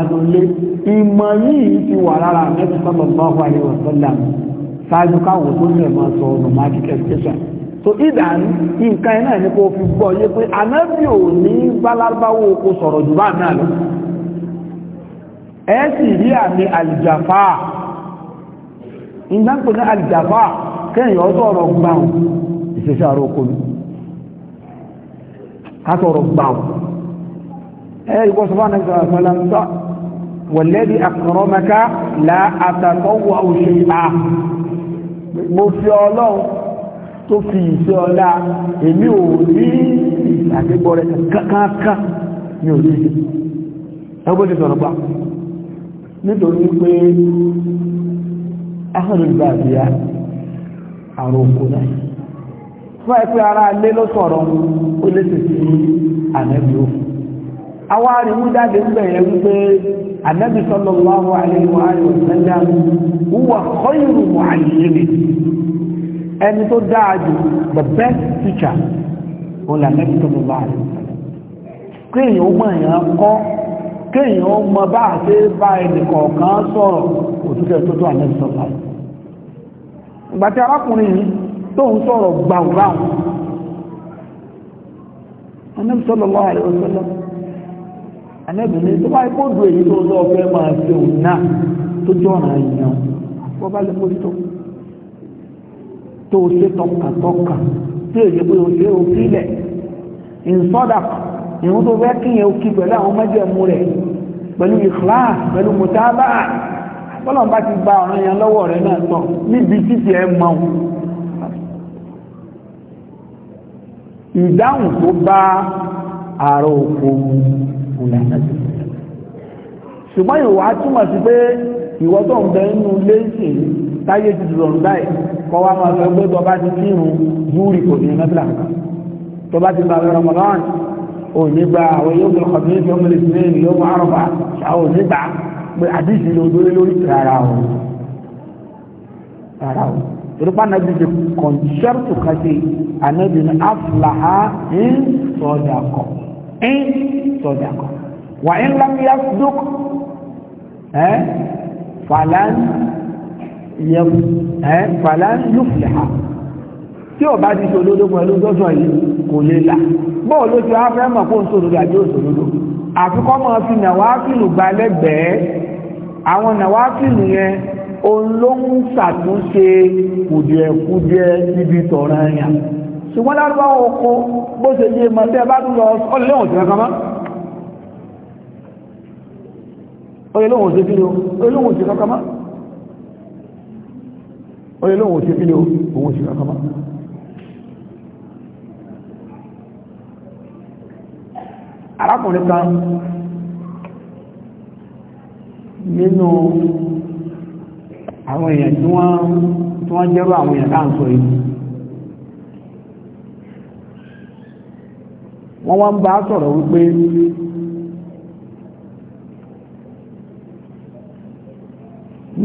ìmọ̀ yìí ti wà lára Ànábì sallallahu alaihi wasallam ṣáájú káwọn tó sọ education so nǹkan ẹ̀ ní gbọ́ yé pé Ànábì ò ní gbálábáwò kó sọ̀rọ̀ jù bá náà lọ ẹ sì rí àmì àlìjàfà ìgbà ń pè ní àlìjàfà kéèyàn sọ̀rọ̀ ìṣẹ̀ṣẹ̀ àrò ká sọ̀rọ̀ ẹ̀ẹ́dìkọ́ sọ fún ànàbì sọ̀rọ̀ sọ̀rọ̀ wọ̀lẹ́dì àkọ̀rọ̀mẹ́ká là àtàkọ́wọ́ òṣèlú à mo fi ọlọ́run tó fi ìṣẹ́ ọlá èmi ò rí ìṣàgbégbọ́ rẹ̀ kankan mi ò rí ẹgbẹ́ ti sọ̀rọ̀ nítorí pé ahọ́rùn-ún àbíyá àrùn òkú náà fún ẹ̀pẹ́ ara lé ló ó lé sí sí òkú àwa àrùn jáde ń bẹ̀rẹ̀ wípé anabi sallallahu alayhi wa sallam huwa ẹni tó dáa jù the best teacher là anabi kéèyàn ó mọ èèyàn kọ́ kéèyàn ó mọ bá àti bá ẹnì kọ̀ọ̀kan sọ̀rọ̀ òtútù anabi ìgbà tí arákùnrin yìí tó ń sọ̀rọ̀ anẹ́bì ní tó bá ikú òdò èyí tó lọ fẹ́ máa ṣe òun náà tó jọ ọ̀nà èèyàn wọ́n bá lè mójútó tó ṣe tọkàntọkà tí èyí pé o ṣe òfin ilẹ̀ ìsọ́dà ìhun tó fẹ́ kíyàn òkì pẹ̀lú àwọn mẹ́jẹ̀mú rẹ̀ pẹ̀lú ìkláàsì pẹ̀lú mùtábà bọ́lọ̀n bá ti gba ọ̀ràn yẹn lọ́wọ́ rẹ̀ náà tọ́ níbi títí ẹ mọ́ ìdáhùn tó bá ààrẹ òkú ìlànà sí ṣùgbọ́n ìwà túmọ̀ sí pé ìwọ tó ń bẹ nínú léṣì táyé ti dùn lọ́rùn báyìí kọ́ wa máa fẹ́ gbé tó bá ti kírun yúrì kò ní mẹ́fìlà tó bá ti gba àwọn Ramadan ò ní gba àwọn yóò gbé ọkọ̀ nílé yóò mẹ́lẹ̀ sílẹ̀ yóò mọ àrọ̀bà àwọn ò ní gbà pé àdìsí ló dúró lórí rárá o rárá o torípa nàbí ti kọ̀ǹṣẹ́rù tó kà sí ànábì in sọdakọ wà in lam yasduk ẹ eh, falan yẹm ẹ eh, tí o bá ti sòdodo pẹ̀lú gbọ́dọ̀ yìí kò lè là bọ́ọ̀ ló ti wá fẹ́ mọ̀ kó ń sòdodo àti òsòdodo àfikọ́ mọ̀ fi nàwáfìlù gba lẹ́gbẹ̀ẹ́ àwọn ṣùgbọ́n lárúbáwọ̀ oko bó ṣe yé mọ̀ tẹ́ bá tún lọ ọlẹ́lẹ́wọ̀n sí kankan mọ́ ọlẹ́lẹ́wọ̀n sí kílò ọlẹ́lẹ́wọ̀n sí kankan mọ́ ọlẹ́lẹ́wọ̀n sí kílò òun sí kankan mọ́ arákùnrin kan nínú àwọn èèyàn tí wọ́n jẹ́rọ àwọn èèyàn táà ń yìí wọ́n wá ń bá sọ̀rọ̀ wípé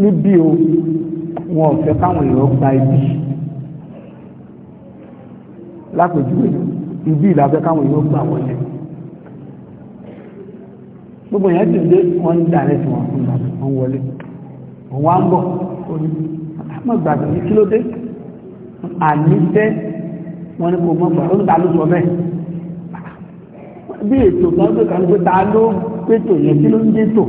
níbí o wọn ò fẹ́ káwọn èèyàn gba ibi lápèjúwe ibi ìlàfẹ́ káwọn èèyàn gbà wọlé gbogbo yẹn ti dé wọn ń dàrẹ́ tí wọn fún ìgbàgbọ́ wọn wọlé wọn wá ń bọ̀ orí àmọ́ ìgbàgbọ́ ní ah, kí ló dé àníṣẹ́ wọn ni kò mọ̀ gbà ó ń ta ló sọ bẹ́ẹ̀ bí ètò kan tó kàn pé ta ló pétò yẹn kí ló ń dé tò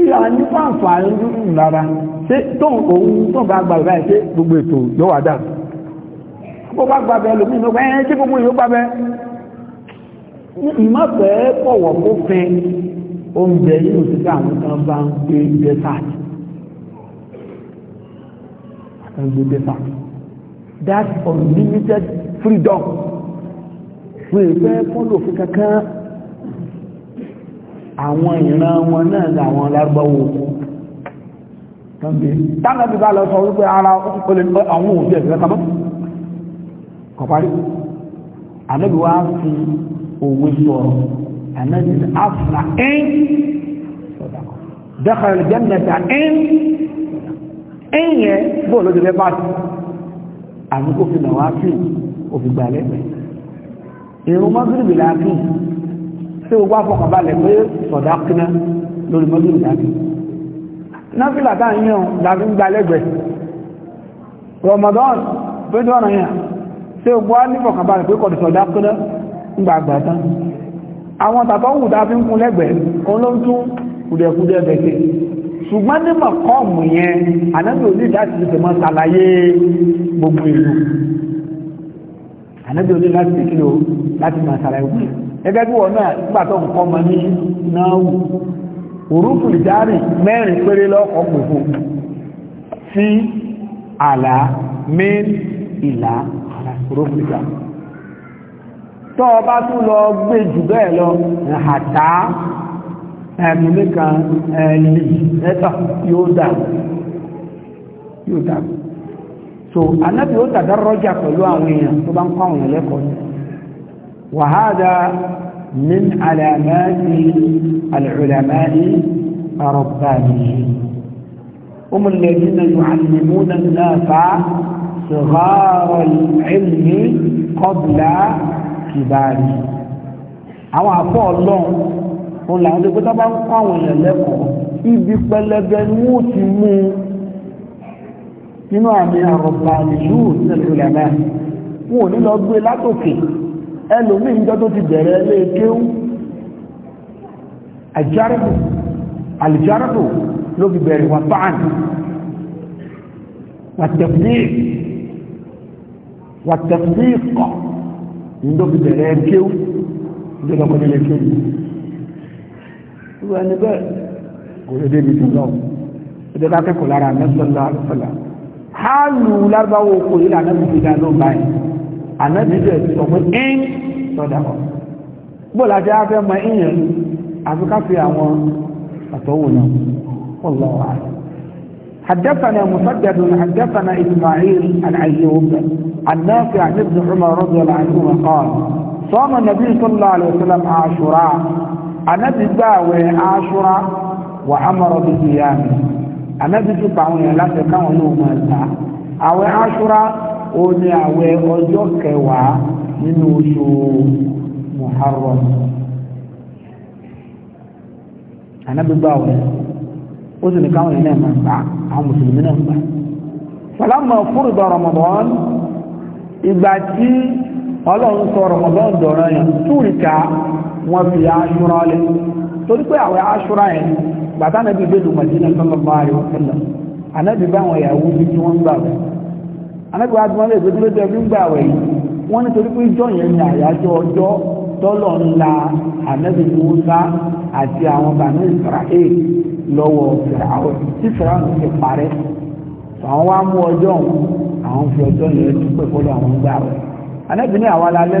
ìyá ní fàǹfà ń dúró lára ṣé tóun òun tó bá gba ìbáyìí ṣé gbogbo ètò yóò wá dà bó bá gba bẹ lómi ìnáwó ẹ ṣé gbogbo yóò gba bẹ ìmọ̀fẹ́ pọ̀wọ̀ kó fẹ́ oúnjẹ yóò ti ká àwọn kan bá ń gbé dẹ́sàtì ń gbé dẹ́sàtì That unlimited freedom wọ́n èfẹ́ fọ́lò fún kankan àwọn ìran wọn náà làwọn lágbọ́wọ́ tánàbí bá lọ sọ wípé ara àwọn òbí ẹ̀fẹ́ kamọ́ kọparí anábi wá fi òwe sọ̀rọ̀ anábi afra ẹ́n dẹ́kọ̀rọ̀ jẹ́mẹ̀ta ẹ́n ẹ́yẹ bóòlójẹ́ bá ti àmúkòfin náà wá fi òfin gbà lẹ́gbẹ̀ẹ́ ìrún mọ́gírìbì láàkì tí ó wá fọkànbalẹ̀ pé sọ̀dá kíná lórí mọ́gírìbì láàkì náfílà táà ń yàn láti ń gbalẹ́gbẹ̀ẹ́ Ramadan tó jọ ọ̀nà yàn tí ó wá ní fọkànbalẹ̀ pé kọ̀dù sọ̀dá kíná ń gba àgbà tán àwọn tàtọ́ wù tá fi ń kún lẹ́gbẹ̀ẹ́ òun ló ń tún kùdẹ̀kùdẹ̀ bẹ̀kẹ̀ ṣùgbọ́n ní mọ̀kọ́ọ̀mù yẹn ànábì òní ìdásí ti mọ́ ṣàlàyé gbogbo ìlú ànábì olè láti ṣe kílò láti máa sàrà ẹ̀kú ẹgbẹ́ bí wọn náà nígbà tó nǹkan ọmọ ní náàwù òrùkù ìjárì mẹ́rin péré lọ́kọ̀ gbogbo sí àlá mẹ́rin ìlà òrùkù ìjárì tọ́ ọ bá tún lọ gbé jù bẹ́ẹ̀ lọ àtà ẹ̀mí nìkan ẹ̀lì ẹ̀tà yóò dà yóò dà so anabi ó tàdárọ́jà pẹ̀lú àwọn èèyàn tó bá ń kọ́ àwọn ẹlẹ́kọ̀ọ́ ni wàhádà min alamati al'ulamai arọ̀bàmì umar lẹ́yìn yu'allimuna an-nasa sighara al-ilmi qabla kibari àwọn àfọ́ ọlọ́run òun làwọn tó tó bá ń kọ́ àwọn èèyàn ibi pẹlẹbẹ ni wọ́n ti mú un nínú àmì àrọ̀bà nìyú ìrìnlẹ̀mẹ́ wọn ò ní lọ gbé látòkè ẹlòmí ìjọ tó ti bẹ̀rẹ̀ ilé kéwú àjárẹ́bù àlìjárẹ́bù ló fi bẹ̀rẹ̀ wà báàn wà tẹ̀fíìkọ̀ ní ló fi bẹ̀rẹ̀ kéwú ìjọdọ̀kọ̀ nílé kéwú ìwẹ̀ ni bẹ́ẹ̀ kò lè débi jùlọ ìjọdọ̀ akẹ́kọ̀ọ́ lára mẹ́sàn-án hálù lágbàwò kò yí lànà bìbí dáná báyìí ànábìbẹ̀ sọ pé ẹ́n sọ́dà ọ̀ bóòlá jẹ́ afẹ́ mọ ìyẹn àfi ká fi àwọn àtọ́wò náà wọ́n lọ wà rẹ̀ حدثنا مسدد حدثنا إسماعيل عن أيوب عن نافع عن ابن عمر رضي الله عنهما قال صام النبي صلى الله عليه وسلم عاشوراء أنا بداوي عاشوراء وأمر بصيامه ànábì tún pa àwọn èèyàn láti káwọn náà máa ta àwẹ̀ aṣúra ó ní àwẹ̀ ọjọ́ kẹwàá nínú oṣù muharram ànábì gbà wẹ̀ ó sì ní káwọn èèyàn náà máa ta àwọn mùsùlùmí náà gbà fọlámọ fúrùdọ rọmọdọn ìgbà tí ọlọ́run sọ rọmọdọn dọ̀rọ̀ yẹn túrìkà wọn fi aṣúra lẹ torí pé àwẹ̀ aṣúra yẹn bàtà nàbí ìgbèlú Madina sallallahu alaihi wasallam anábì bá àwọn ìyàwó bí tí wọ́n ń gbà wẹ̀ anábì wá gbọ́n lè gbẹ́dúró tẹ́ fi ń gbà wẹ̀ yìí wọ́n nítorí pé ìjọ yẹn ni àyájọ́ ọjọ́ tọ́lọ̀ ńlá anábì Musa àti àwọn bàánú Israel lọ́wọ́ Fìràwọ̀ tí Fìràwọ̀ ti parẹ́ àwọn wá mú ọjọ́ àwọn fi ọjọ́ yẹn dúpẹ́ fọlọ́ àwọn gbà wẹ̀ anábì ní àwọn alẹ́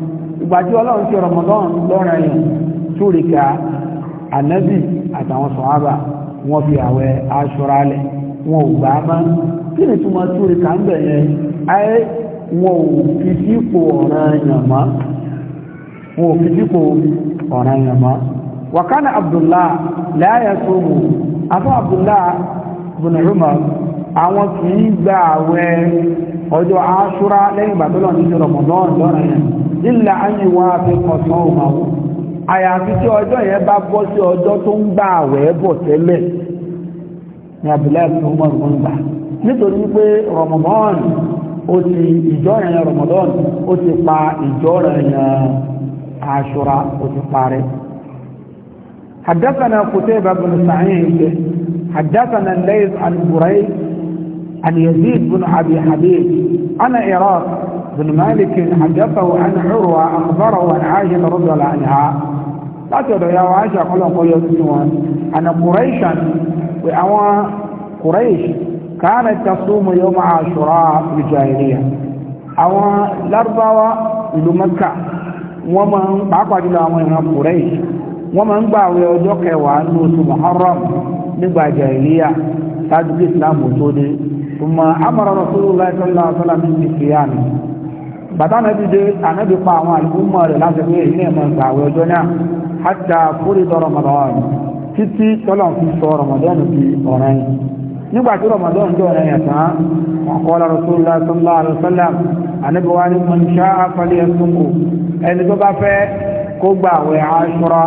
ìgbàjú ọlọ́run ti Ramadan lọ́rọ̀ yẹn túrìkà ànábì àtàwọn sọ̀hábà wọ́n fi àwẹ̀ lẹ̀ wọn ò gbà má kí ni túmọ̀ túrìkà ń bẹ̀ yẹn ayé wọn ò fi sípò ọ̀ràn yẹn mọ́ Abdullah Abdullah Ruma àwọn kì gba àwẹ̀ ọjọ́ aṣúra lẹ́yìn ìgbàtọ́lọ̀ ní ìjọ rọ̀mọ̀dán lọ́rọ̀ yẹn nílà ánì wá fi kọ̀sán ọmọ àyàfi tí ọjọ́ yẹn bá bọ́ sí ọjọ́ tó ń gbà àwẹ̀ bọ̀ tẹ́lẹ̀ ní abdullahi bin umar ń gbà nítorí pé rọ̀mọ̀dán ó ti ìjọ yẹn rọ̀mọ̀dán ó ti pa ìjọ yẹn aṣúra ó ti parẹ́ حدثنا قتيبة بن سعيد حدثنا الليث عن بريد عن يزيد بن أبي حبيب عن عراق بن مالك حدثه عن عروة أخبره عن عائشة رضي الله عنها لا تدعي يا عائشة قل قل أن قريشا وأوى قريش كانت تصوم يوم عاشوراء في الجاهلية أو لربوا إلى مكة ومن بعقد من قريش ومن بعوا يوجوك وأنه محرم نبا جاهلية تدق إسلام وجوده ثم أمر رسول الله صلى الله عليه وسلم بالصيام bàtà nàbí dé ànábì pa àwọn àlùmọ́ rẹ̀ láti pé ilé ẹ̀mọ́ ìgbà àwọn ọjọ́ náà hátà fúrí dọ́ Ramadan títí tọ́lọ̀ fi sọ Ramadan fi ọ̀rẹ́ yìí nígbà tí Ramadan jọ ọ̀rẹ́ yẹn tán wọn kọ́ la Rasulullah sallallahu alaihi wasallam ànábì wa ni man sha'a falyasumhu ẹni tó bá fẹ́ kó gba àwẹ̀ Ashura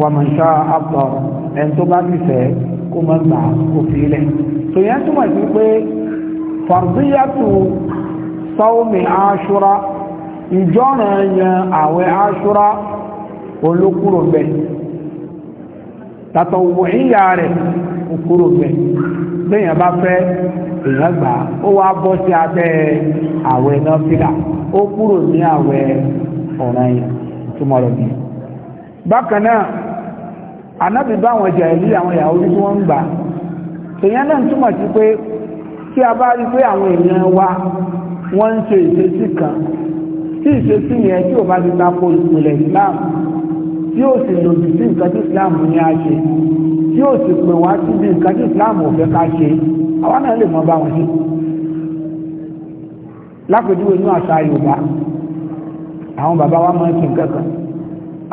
wa man sha'a afṭara ẹni tó bá fi fẹ́ kó má gbà kó fi lẹ̀ tòyẹ́ túnmọ̀ sí pé fàrdíyàtù sáwọ́mì aṣúra ìjọ́nà yan àwẹ̀ aṣúra olókúrò bẹ̀ tàtọ̀ wòhíyà rẹ̀ kúrò bẹ̀ lẹ́yìn bá fẹ́ èèyàn gbà ó wá bọ́ sí abẹ́ àwẹ̀ náà fìlà ó kúrò ní àwẹ̀ ọ̀ràn yẹn túnmọ̀ rẹ̀ bí bákan náà anábì bá àwọn ìyàwó tí gbà èyàn náà túmọ̀ sí pé tí a bá rí pé àwọn èèyàn wa wọ́n ń ṣe ìṣesí kan tí ìṣesí yẹn tí ò bá ti tako ìpìlẹ̀ Islam tí ó sì lòdì sí nǹkan tí Islam ní a ṣe tí ó sì pè wá síbi nǹkan tí Islam ò fẹ́ ká ṣe àwa náà lè mọ bá wọn ṣe lápèjúwe inú àṣà Yorùbá àwọn bàbá wa máa ń ṣe nǹkan kan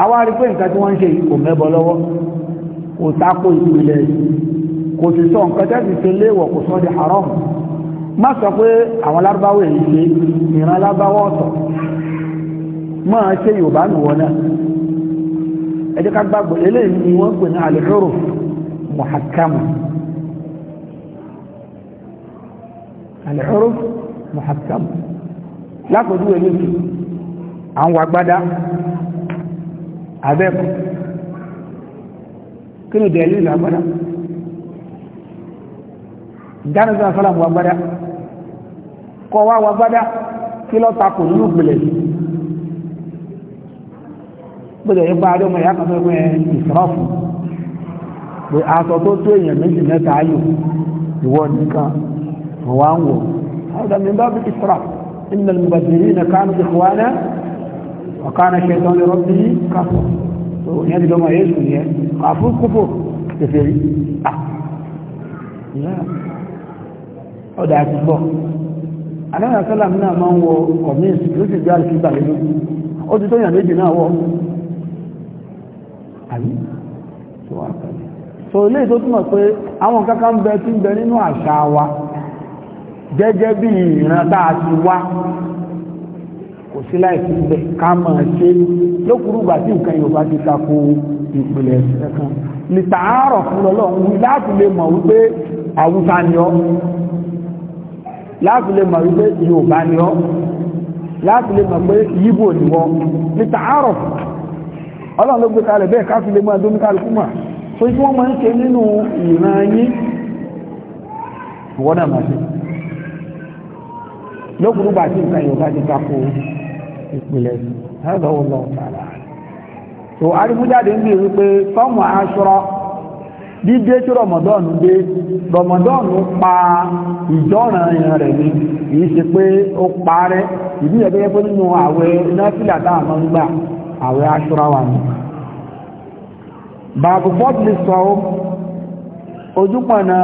àwa rí pé nǹkan tí wọ́n ń ṣe kò mẹ́bọ lọ́wọ́ kò tako ìpìlẹ̀ kò sì sọ nǹkan tẹ́sì ṣe léèwọ̀ kò sọ di haram má sọ pé àwọn lárúbáwọ̀ èyí ṣe ìran lárúbáwọ̀ ọ̀tọ̀ máa ṣe yorùbá nùwọ̀ náà ẹ jẹ́ ká gbàgbọ́ eléyìí ni wọ́n pè ní alẹ́rọ̀ muhakama alẹ́rọ̀ muhakama lápòjú eléyìí àwọn wàgbádá abẹ́kọ̀ kí ni dẹ̀ẹ́lì làgbádá gánà sọ́nà sọ́nà wà gbádá kọ wá wà gbádá kí lọ takò nínú ìpìlẹ̀ gbọ́dọ̀ yẹ parí ọmọ ìyá kan tó ẹgbẹ́ ìsọ́fù pé aṣọ tó tó èèyàn méjì mẹ́ta ayò ìwọ nìkan wà ń wọ̀ هذا من باب الإسراف إن المبذرين كانوا إخوانا وكان الشيطان لربه كفر ìyẹn ti dọ́mọ̀ yéṣù yẹn kàfún kúfò kẹfẹ́ rí. Ah. ọ̀dà a ti anáyà náà máa ń wọ kọ̀míìsì ló sì jẹ́ àlùkígbà lẹ́nu ó ti tóyàn méjì náà wọ́ tó wà so ilé tó túnmọ̀ pé àwọn kankan bẹ tí ń bẹ nínú àṣà wa jeje bí ìran ti wá kò sí láìsí bẹ̀ ká máa ṣe ti láti lè mọ̀ wípé Yorùbá ni ọ́ láti lè mọ̀ pé yíbò ni wọ́n ní tààrọ̀ ọlọ́run ló gbé kalẹ̀ bẹ́ẹ̀ káfí lè mọ́ ẹdómíkàlùkù mà tó tí wọ́n máa ń ṣe nínú ìran yín ìwọ́n náà dídé tí Ramadan dé Ramadan pa ìjọ́ràn èèyàn rẹ̀ ni kìí ṣe pé ó parẹ́ ìdí ẹgbẹ́ pé nínú àwẹ̀ náfìlà táwọn ń gbà àwẹ̀ aṣọra wà ní. bàbá sọ ojúpọ̀nà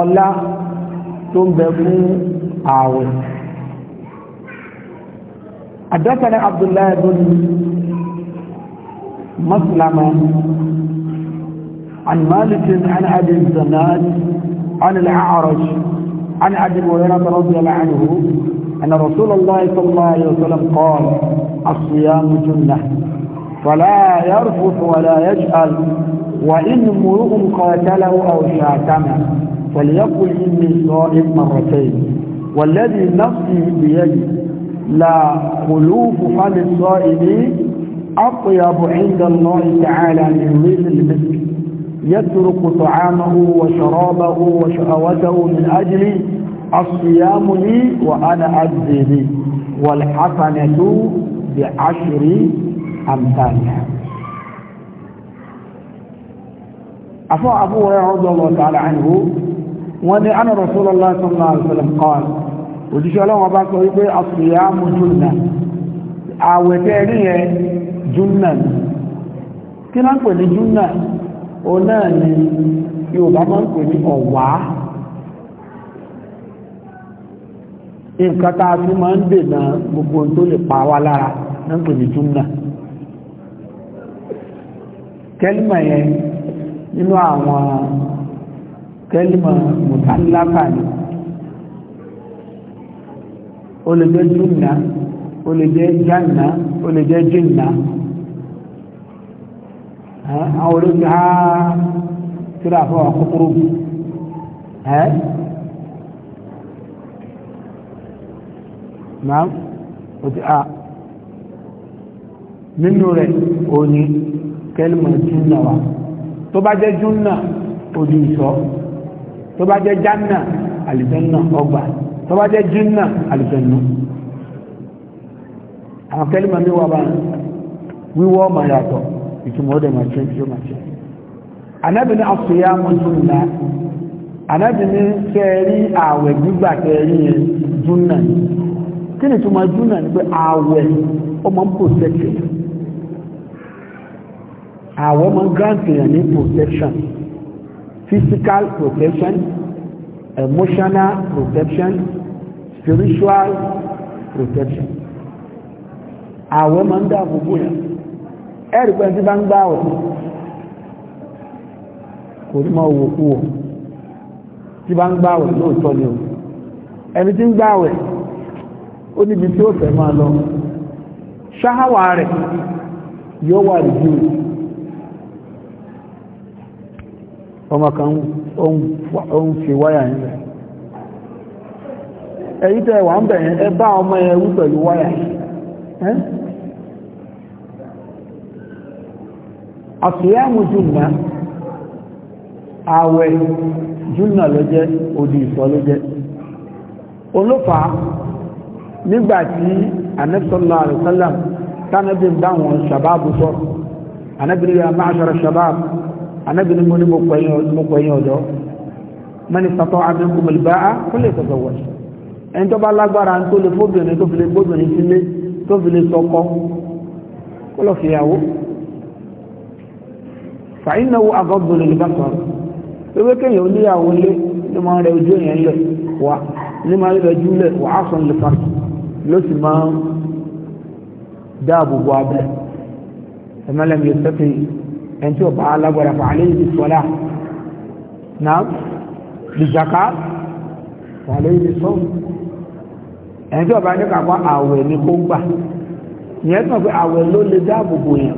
ọlá tó ń bẹ fún Abdullahi عن مالك عن أبي الزناد عن الأعرج عن أبي هريرة رضي الله عنه أن رسول الله صلى الله عليه وسلم قال الصيام جنة فلا يرفث ولا يجهل وإن امرؤ قاتله أو شاتمه فليقل إني صائم مرتين والذي نفسي بيدي لا خلوف فم الصائم أطيب عند الله تعالى من ريح المسك يترك طعامه وشرابه وشهوته من أجل الصيام لي وأنا أجزي لي والحسنة بعشر أمثالها أفو أبو هريرة رضي الله تعالى عنه وني أنا رسول الله صلى الله عليه وسلم قال وجيش الله وبارك ويقول الصيام جنة أو تانية جنة كنا نقول جنة o náà ni Yorùbá máa ń pè ní ọ̀wá nǹkan tá a tún máa ń dènà gbogbo tó lè pa wá lára náà ń pè ní túnmà kẹ́lìmà yẹn nínú àwọn kẹ́lìmà mùtálákà ni ó lè jẹ́ túnmà ó jẹ́ jánà ó jẹ́ jìnnà àwọn olóògbé ha tíra fún àkókòrò ẹ́ náà ó ti a nínú rẹ̀ ó ní kẹlùmọ̀ júnà wa tó bá jẹ́ júnà ó di ìsọ́ tó bá jẹ́ jánà àlìjánà ọgbà tó bá jẹ́ jínà àlìjánà àwọn kẹlùmọ̀ mi wà bá wíwọ́ ọmọ yàtọ̀ ìtumọ̀ ọdẹ máa jẹ́ yóò máa jẹ́ anábì ní àṣìyá mọ́túnlá anábì ní kẹrí ààwẹ̀ gbígbà kẹrí dúnà kí ni túnmọ̀ dúnà ní pé ààwẹ̀ ọmọ ń pòtẹ́kì ààwẹ̀ ọmọ grant èèyàn ní protection physical protection emotional protection spiritual protection ààwẹ̀ máa ń dáàbò bóyá ẹ̀rì pẹ́ bá ń gbá ọ̀tí kò rí máa wò kú tí bá ń gbá ọ̀ lóòótọ́ ni o ẹni tí tí ó fẹ́ máa lọ ṣáháwà rẹ̀ yóò wà rìdí ọmọ kan ó ń fi wáyà ń rẹ̀ èyí tẹ́ wà ń bẹ̀yẹn ẹ bá ọmọ ẹ wú pẹ̀lú wáyà àfíyàmù jùnà àwẹ̀ jùnà ló jẹ́ odi ìsọ ló jẹ́ olófà nígbàtí anẹ́sọ́lá àrẹ́sọ́lá tánàbí ń dáwọn ṣàbábù sọ anábìnrin ya máa ṣọ́rọ̀ ṣàbábù anábìnrin mú ní mo pẹ̀yìn ọ̀dọ́ mẹ́ni sàtọ́ abẹ́kùnmọ̀lùbá kó lè tọ́tọ̀ wọ̀ ẹni tó bá lágbára tó lè fóbìnrin tó fi lè gbóbìnrin sílé tó fi lè sọkọ kó fàyínàwó agọ́gbọ̀lẹ̀ ìbátan ewé kéèyàn oníyàwó lé ní máa rẹ ojú èèyàn lẹ̀ wá ní máa rẹ ojú lẹ̀ wà á sọ lè fa ló sì máa ń dáàbò bo abẹ ẹ̀mẹ́lẹ̀ mi sẹ́fì ẹni tí ó bá alágbára fà á léyìn ìfọ́lá náà ìjàká fà á léyìn ìfọ́lá ẹni tí ó bá ní kápá àwẹ̀ ní kó gbà ìyẹn tó ń pẹ́ àwẹ̀ ló lè dáàbò yẹn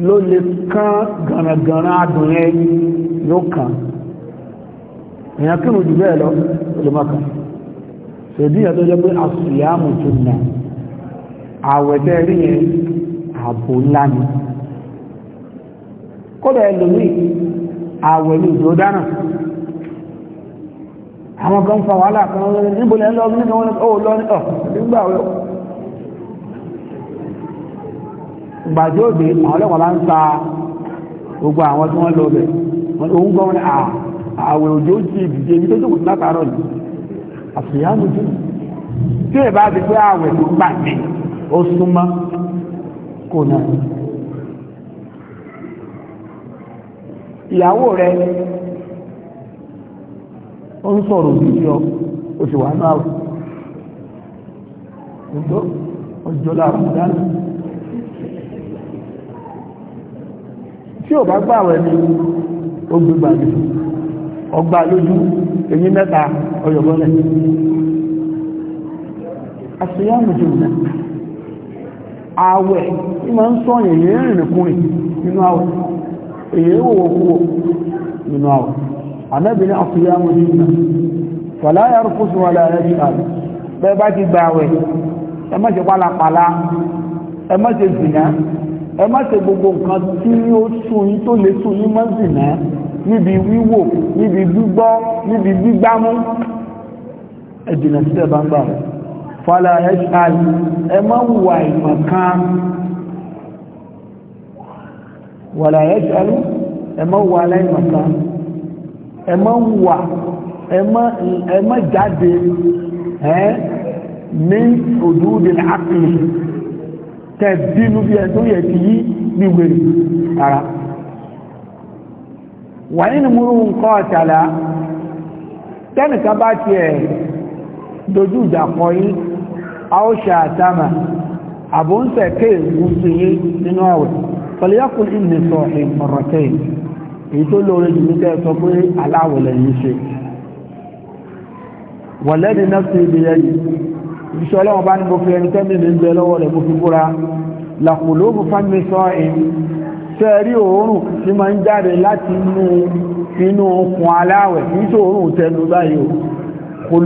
ló lè kán gànàgànà adùn yẹn yóò kàn èyàn kí mú jù bẹ́ẹ̀ lọ olùmọ́kà ṣèdí yẹn tó jẹ́ pé àṣìyàmù tó nà àwẹ̀dẹ́ rí yẹn ààbò ńlá ni kódà ẹlòmíì àwẹ̀ ní ìdúró dáná àwọn kan fa wàhálà kan níbo lẹ́ lọ nígbà wọn ó lọ nígbà wọn gbàjóde àwọn ọlọ́pàá bá ń sa gbogbo àwọn tí wọ́n lọ bẹ̀ òun gan ni àwẹ̀ òjò ti ìdíje ní tó tó kù látàárọ̀ ni àfìyàmù jù tí ẹ bá ti pé àwẹ̀ tó gbà ní ó súnmọ́ kò náà ìyàwó rẹ ó ń sọ̀rọ̀ òbí yọ oṣù wà náà ọjọ́ ọjọ́ làwọn dáná tí ò bá gbà wẹ̀ ni ó gbégbà ọgbà lójú èyí mẹ́ta ọyọ̀bọ́lẹ̀ àṣíyàmù jùlọ náà àwẹ̀ tí ma ń sọ èyí rìnrìnkúrìn nínú àwẹ̀ èyí wòwòkúwò nínú àwẹ̀ àmẹ́bì ní àṣíyàmù jùlọ fàláyà rúkúsù wà láàrẹ́ ẹ má ṣe gbogbo nǹkan tí ó sún yín tó lè sún yín mọ́ zìnà níbi wíwò níbi gbígbọ́ níbi gbígbámú ẹ̀dìnà sílẹ̀ bá ń gbà fọ́lá ẹ̀ṣàl ẹ má wùwà ìmọ̀ kan wàlá ẹ̀ṣàl ẹ má wùwà aláìmọ̀ kan ẹ má wùwà ẹ má jáde ẹ́ ní òdúdìl àkìlì tẹ́ bínú bí ẹ tó yẹ ti yí ní wèrè ara wà nínú múrú nǹkan ọ̀tàlá tẹ́nìkan bá ti ẹ̀ dojú ìjà kọ yí a ó ṣe àtàmà àbò ń tẹ̀kẹ́ ìwúsù yí nínú ọ̀rẹ́ pẹ̀lẹ́kùn ìmì sọ ìmọ̀rọ̀tẹ́ ìṣọ́ ọlọ́wọ́n bá ní mo fi ẹni tẹ́mi lè ń bẹ lọ́wọ́ rẹ̀ mo fi búra làkùlò fún fámi sọ èyí tẹ́ rí òórùn tí máa ń jáde láti inú okùn aláwẹ̀ kì í ṣe òórùn tẹnu báyìí o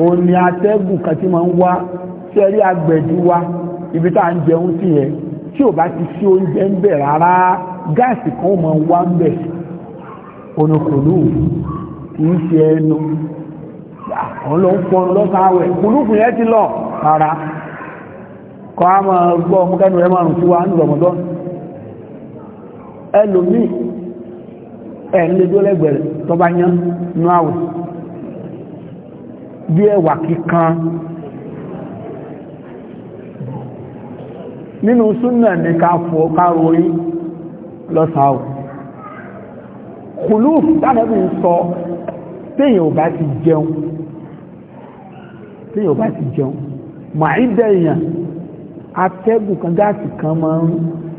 òun ni atẹ́gùn kan tí máa ń wá tẹ́ rí agbẹ̀dú ibi tá à ń jẹun sí yẹn tí ò bá ti sí oúnjẹ ń bẹ̀ rárá gáàsì kan ó máa ń wá ń bẹ̀ ònà kùlù kì í ṣe ẹnu òun ló ń pọn lọ́sàáwẹ̀ kùlùkùn yẹn ti lọ rárá kọ́ a máa gbọ́ ọmọkẹ́nu rẹ̀ márùn sí wa ní rọmọdán ẹlòmí ẹ̀ ń lè dólẹ́gbẹ̀rẹ̀ tọba yán ní àwẹ̀ bí ẹwà kíkan nínú súnnà ní ká fọ károrí lọ́sàáwẹ̀ kùlùkùn tánàbí ń sọ téèyàn ò bá ti jẹun lẹ́yìn ọba ti jẹun màá dẹ̀ èèyàn atẹ́gùn kan gáàsì kan máa ń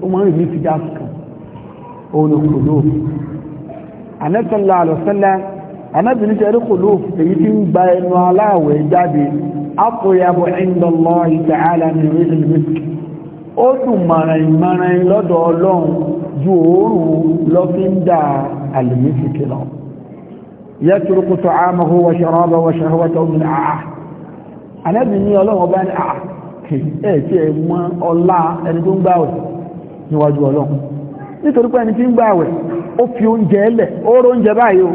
ó máa ń rìn ní ti gáàsì kan òun ni kò lóò anẹ́sọ̀lá àlọ́sẹ́lá anábìnrin tẹ́rí kò lóò èyí tí ń gba ẹnu aláàwẹ̀ jáde ápòyàbọ̀ ẹ̀ńdọ̀lọ́ ìtàhálà ní orílẹ̀ mẹ́sìkì ó dùn mọ̀rìn mọ̀rìn lọ́dọ̀ ọlọ́run ju òórùn lọ́fíńdà àlùmísìkì lọ yẹ́tùrùkùtù àmàhó wàṣẹ̀rọ̀bà wàṣẹ̀rọ̀bà tó ń ànábì ní ọlọ́run ọba ní àà ẹ̀ mọ́ ọlá ẹni tó ń gbàwẹ̀ níwájú ọlọ́run nítorí pé ẹni tí ń gbàwẹ̀ ó fi oúnjẹ ẹlẹ̀ ó ebe oúnjẹ báyìí o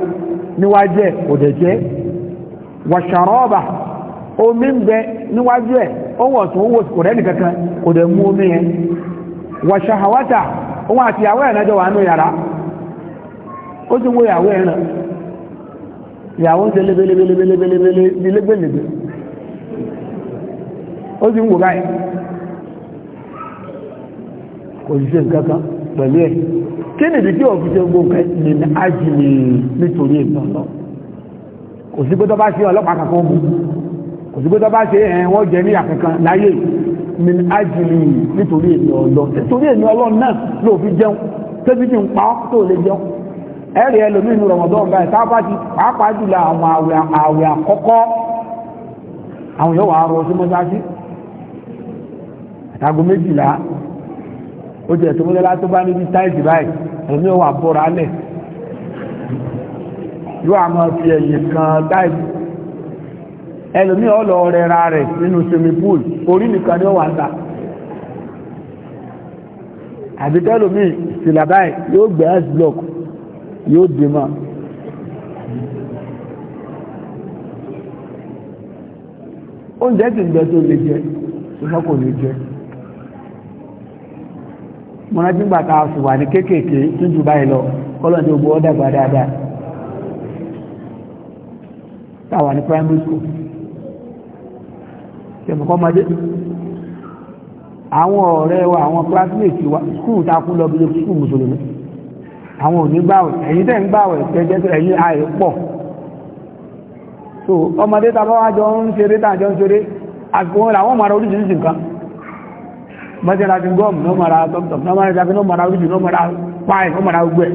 níwájú ẹ̀ kò dẹ̀ jẹ́ wàṣàrọ́ọ̀bà omi ń bẹ níwájú ẹ̀ ó wọ̀ tó wò kò rẹ́nì kankan kò dẹ̀ mú omi yẹn wàṣàhàwátà òun àti ìyàwó ẹ̀ wà yàrá ó sì ń wo ìyàwó ẹ̀ náà ìyàwó ń ṣe ó sì ń wò báyìí kò sí ṣe nǹkan kan pẹ̀lú ẹ̀ kí ni ìdí tí ò fi ṣe gbogbo nǹkan ní ajínigbé nítorí ìgbọ̀n lọ kò sí pé tó bá ṣe ọlọ́pàá kankan mú kò sí pé tó bá ṣe ẹ̀ wọ́n jẹ ní àkankan láyé ní ajínigbé nítorí èmi ọlọ́ nítorí èmi ọlọ́ náà ló fi jẹun tẹ́bí ti ń pa ọ́ tó lè jẹun ẹ̀rì ẹlòmíì ní rọ̀mọ̀dọ́n báyìí sáfà ti pàápàá jùlọ àwọn àwẹ̀ àkọ́kọ́ àwọn yóò wà á rọ aago méjìlá ó jẹ́ tó mọ́lẹ́lá tó bá níbi táìsì báyìí ẹ̀mí ò wà bọ́ra lẹ̀ yóò àmọ́ fi ẹ̀yìn kan táìsì ẹlòmí ọlọ rẹra rẹ̀ nínú swimming pool orí nìkan ni ó wà ń ta àbítẹ́lòmí sílàbáyì yóò gbé ice block yóò dè mọ́ oúnjẹ tí ń bẹ tó lè jẹ ṣùgbọ́n kò lè jẹ mọ́nájú gbà ta sì wà ní kéékèèké tó jù báyìí lọ kọ́lọ̀ ní ogbó ọ́dàgbà dáadáa táwà ní primary school tẹ̀mùkọ́ mọ́dé àwọn ọ̀rẹ́ wa àwọn classmates wa school takú lọ bí i school mùsùlùmí àwọn òní gbàwẹ̀ ẹ̀yìn tẹ́ ń gbàwẹ̀ tẹ́jẹ́ ẹ̀yìn ààrẹ pọ̀ so ọmọdé tàbá wájọ ń ṣeré tàjọ ń ṣeré àgbọn làwọn mara oríṣiríṣi mọ́sálásí gọ́ọ̀mù náà mara tọ́mtọ̀m náà mara jáfẹ́ náà mara ojú náà mara páì náà mara gbẹ́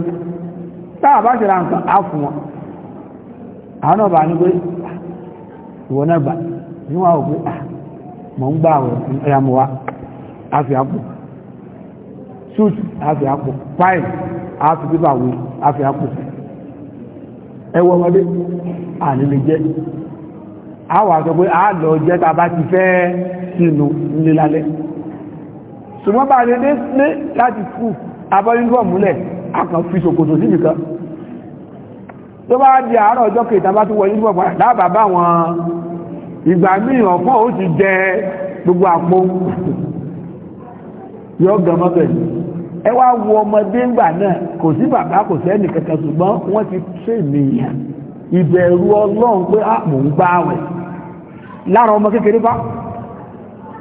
táà bá ṣe ra nǹkan á fún wọn àwọn náà bá ní pé ìwọ náà gbà ní wọn ò pé ah, mọ̀ ń gbà àwọ̀ ẹ̀yà mọ̀ wá àfi àpò suit àfi àwọn àṣọ a bá ti fẹ́ sínú nílálẹ́ ṣùgbọ́n bá rẹ̀ lé láti kú abọ́lígbọ̀múlẹ̀ akàn fi ṣòkòtò síbì kan tó bá di àárọ̀ ọjọ́ kẹta bá tún wọ yúnífọ̀mù lábàá bá wọn ìgbà míì ọ̀fọ́n ó ti jẹ gbogbo àpò yọ gẹmọ́bẹ̀ ẹ wá wo ọmọdé ńgbà náà kò sí bàbá kò sẹ́ni kankan ṣùgbọ́n wọ́n ti tẹ́ ènìyàn ìbẹ̀rù ọlọ́run pé àpò ah, ń gbáwẹ̀ lára ọmọ kékeré bá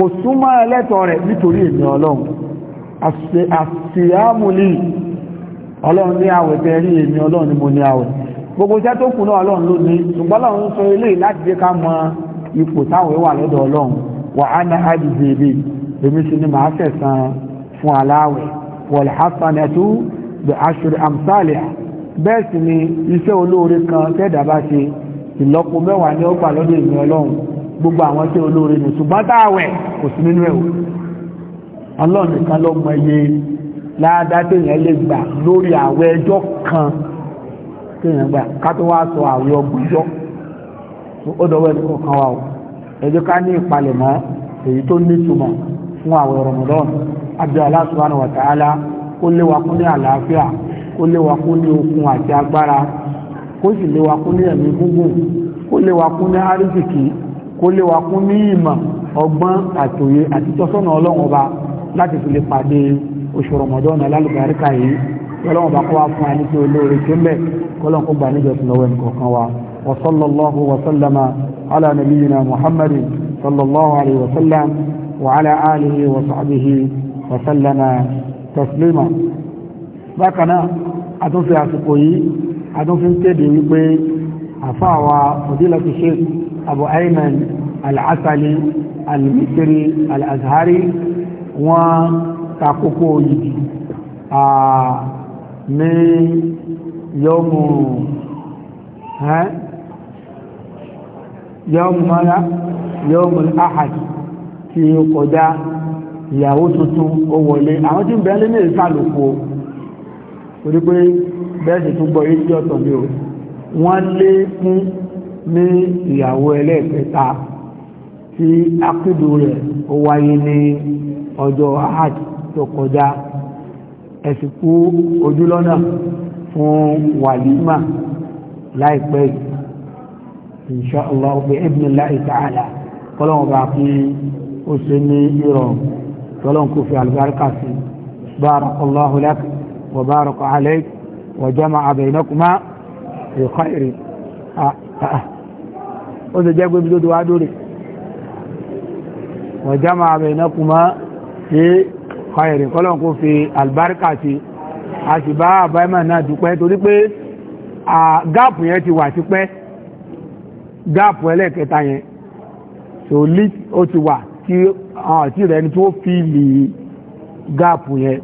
kò súnmọ́ ẹlẹ́tọ̀ rẹ̀ nítorí èmi ọlọ́run àṣìyàmùlì ọlọ́run ní àwẹ̀ tẹ́ rí èmi ọlọ́run ni mo ní àwẹ̀ gbogbo iṣẹ́ tó kù náà ọlọ́run ló ní ṣùgbọ́n ọlọ́run sọ ilé láti jẹ́ ká mọ ipò ni màá fẹ̀sán amsalia bẹ́ẹ̀ ni iṣẹ́ olóore kan tẹ́ẹ̀dá bá ṣe ìlọ́po mẹ́wàá ní ọgbà lọ́dọ̀ èmi ọlọ́run gbogbo àwọn tí olóore ní ṣùgbọ́n táàwẹ̀ kò sí nínú ẹ̀wọ̀ mọ iye láadáa téèyàn lè gbà lórí ẹjọ́ kan téèyàn gbà ká wá sọ àwẹ̀ ọgbọ̀njọ́ ó dọ̀wọ́ ẹni kọ̀ọ̀kan wa o ẹjọ́ ká ní ìpalẹ̀mọ́ èyí tó nítumọ̀ fún àwẹ̀ Ramadan abdul Allah subhanahu wa ta'ala kó léwa ní àlàáfíà kó léwa ní okun àti agbára kó sì léwa kó lè wà kún ní ìmọ̀ ọgbọ́n àtòyé àti tọ́sọ́nà ọlọ́run ọba láti fi lè pàdé oṣù rọmọdọ́nà lálùbáríkà yìí ọlọ́run ọba kó wá fún wa ní kí olóore tó ń kọ́lọ́n kó gbà níjọsìn lọ́wọ́ ẹnì وصلى الله على نبينا محمد صلى الله عليه وسلم وعلى آله وصحبه وسلم تسليما bákan náà àtúnfi àsìkò yìí àtúnfi ń kéde wípé àfáà abu ayman al-asali al-misri al-azhari wọ́n takókó yìí ní yọ́mù yọ́mù mọ́lá yọ́mù ahad tí ó kọjá ìyàwó tuntun ó wọlé àwọn tí ń bẹ̀ẹ́lẹ́ ní ìsàlùkù orí pé bẹ́ẹ̀sì tó gbọ́ yìí tí ọ̀tọ̀ mi ò wọ́n lé fún ní ìyàwó ẹlẹ́ẹ̀kẹta tí akédò rẹ̀ ó wáyé ní ọjọ́ ahad tó kọjá ẹ̀sìnkú ojúlọ́nà fún wàlímà láìpẹ́ insha Allah bi idhnillahi ta'ala kọ́lọ́wọ́n bá kí ó ṣe ní ìrọ̀rùn kọ́lọ́wọ́n kò fi àlùbáríkà sí barakallahu lak wa baraka alayk wa Ah, ah. ó sì jẹ́ pé bí tó ti wá dóre wọ́n já máa bẹ̀rẹ̀ náà kùmá ní ọ̀rìn kọ́lọ̀ kó fi albarka ti a sì bá àbáyímà náà dúpẹ́ torí pé gáàpù yẹn ti wà ti pẹ́ gáàpù ẹlẹ́ẹ̀kẹta yẹn so lead ó ti wà tí àti rẹ̀ ni tó fi lè gáàpù yẹn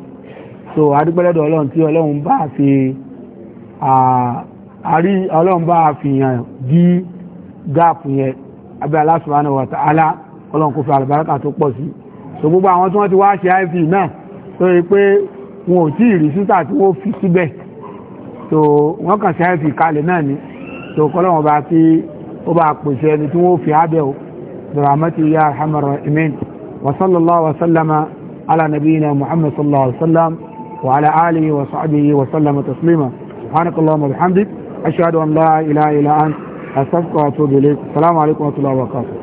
so adúpẹ́lẹ́dọ̀ ọlọ́run tí ọlọ́run bá fi àrí ọlọ́mbà àfihàn dí gáàpù yẹn abẹ́ Allah subhanahu wa ta'ala ọlọ́n kó fi àlùbáríkà tó pọ̀ sí so gbogbo àwọn tí wọ́n ti wá ṣe iv náà tó rí pé wọn ò tí ì rí sísà tí wọ́n fi síbẹ̀ so wọ́n kàn ṣe iv kalẹ̀ náà ni so kọ́lọ́wọ́n bá tí ó bá pèsè ẹni tí wọ́n fi ábẹ́ o rahmatu ya arhamar rahimin wa sallallahu wa sallama ala nabiyina muhammad sallallahu alaihi wa sallam wa ala alihi wa sahbihi wa sallama taslima subhanakallahumma wa bihamdik أشهد أن لا إله إلا أنت أستغفرك وأتوب إليك السلام عليكم ورحمة الله وبركاته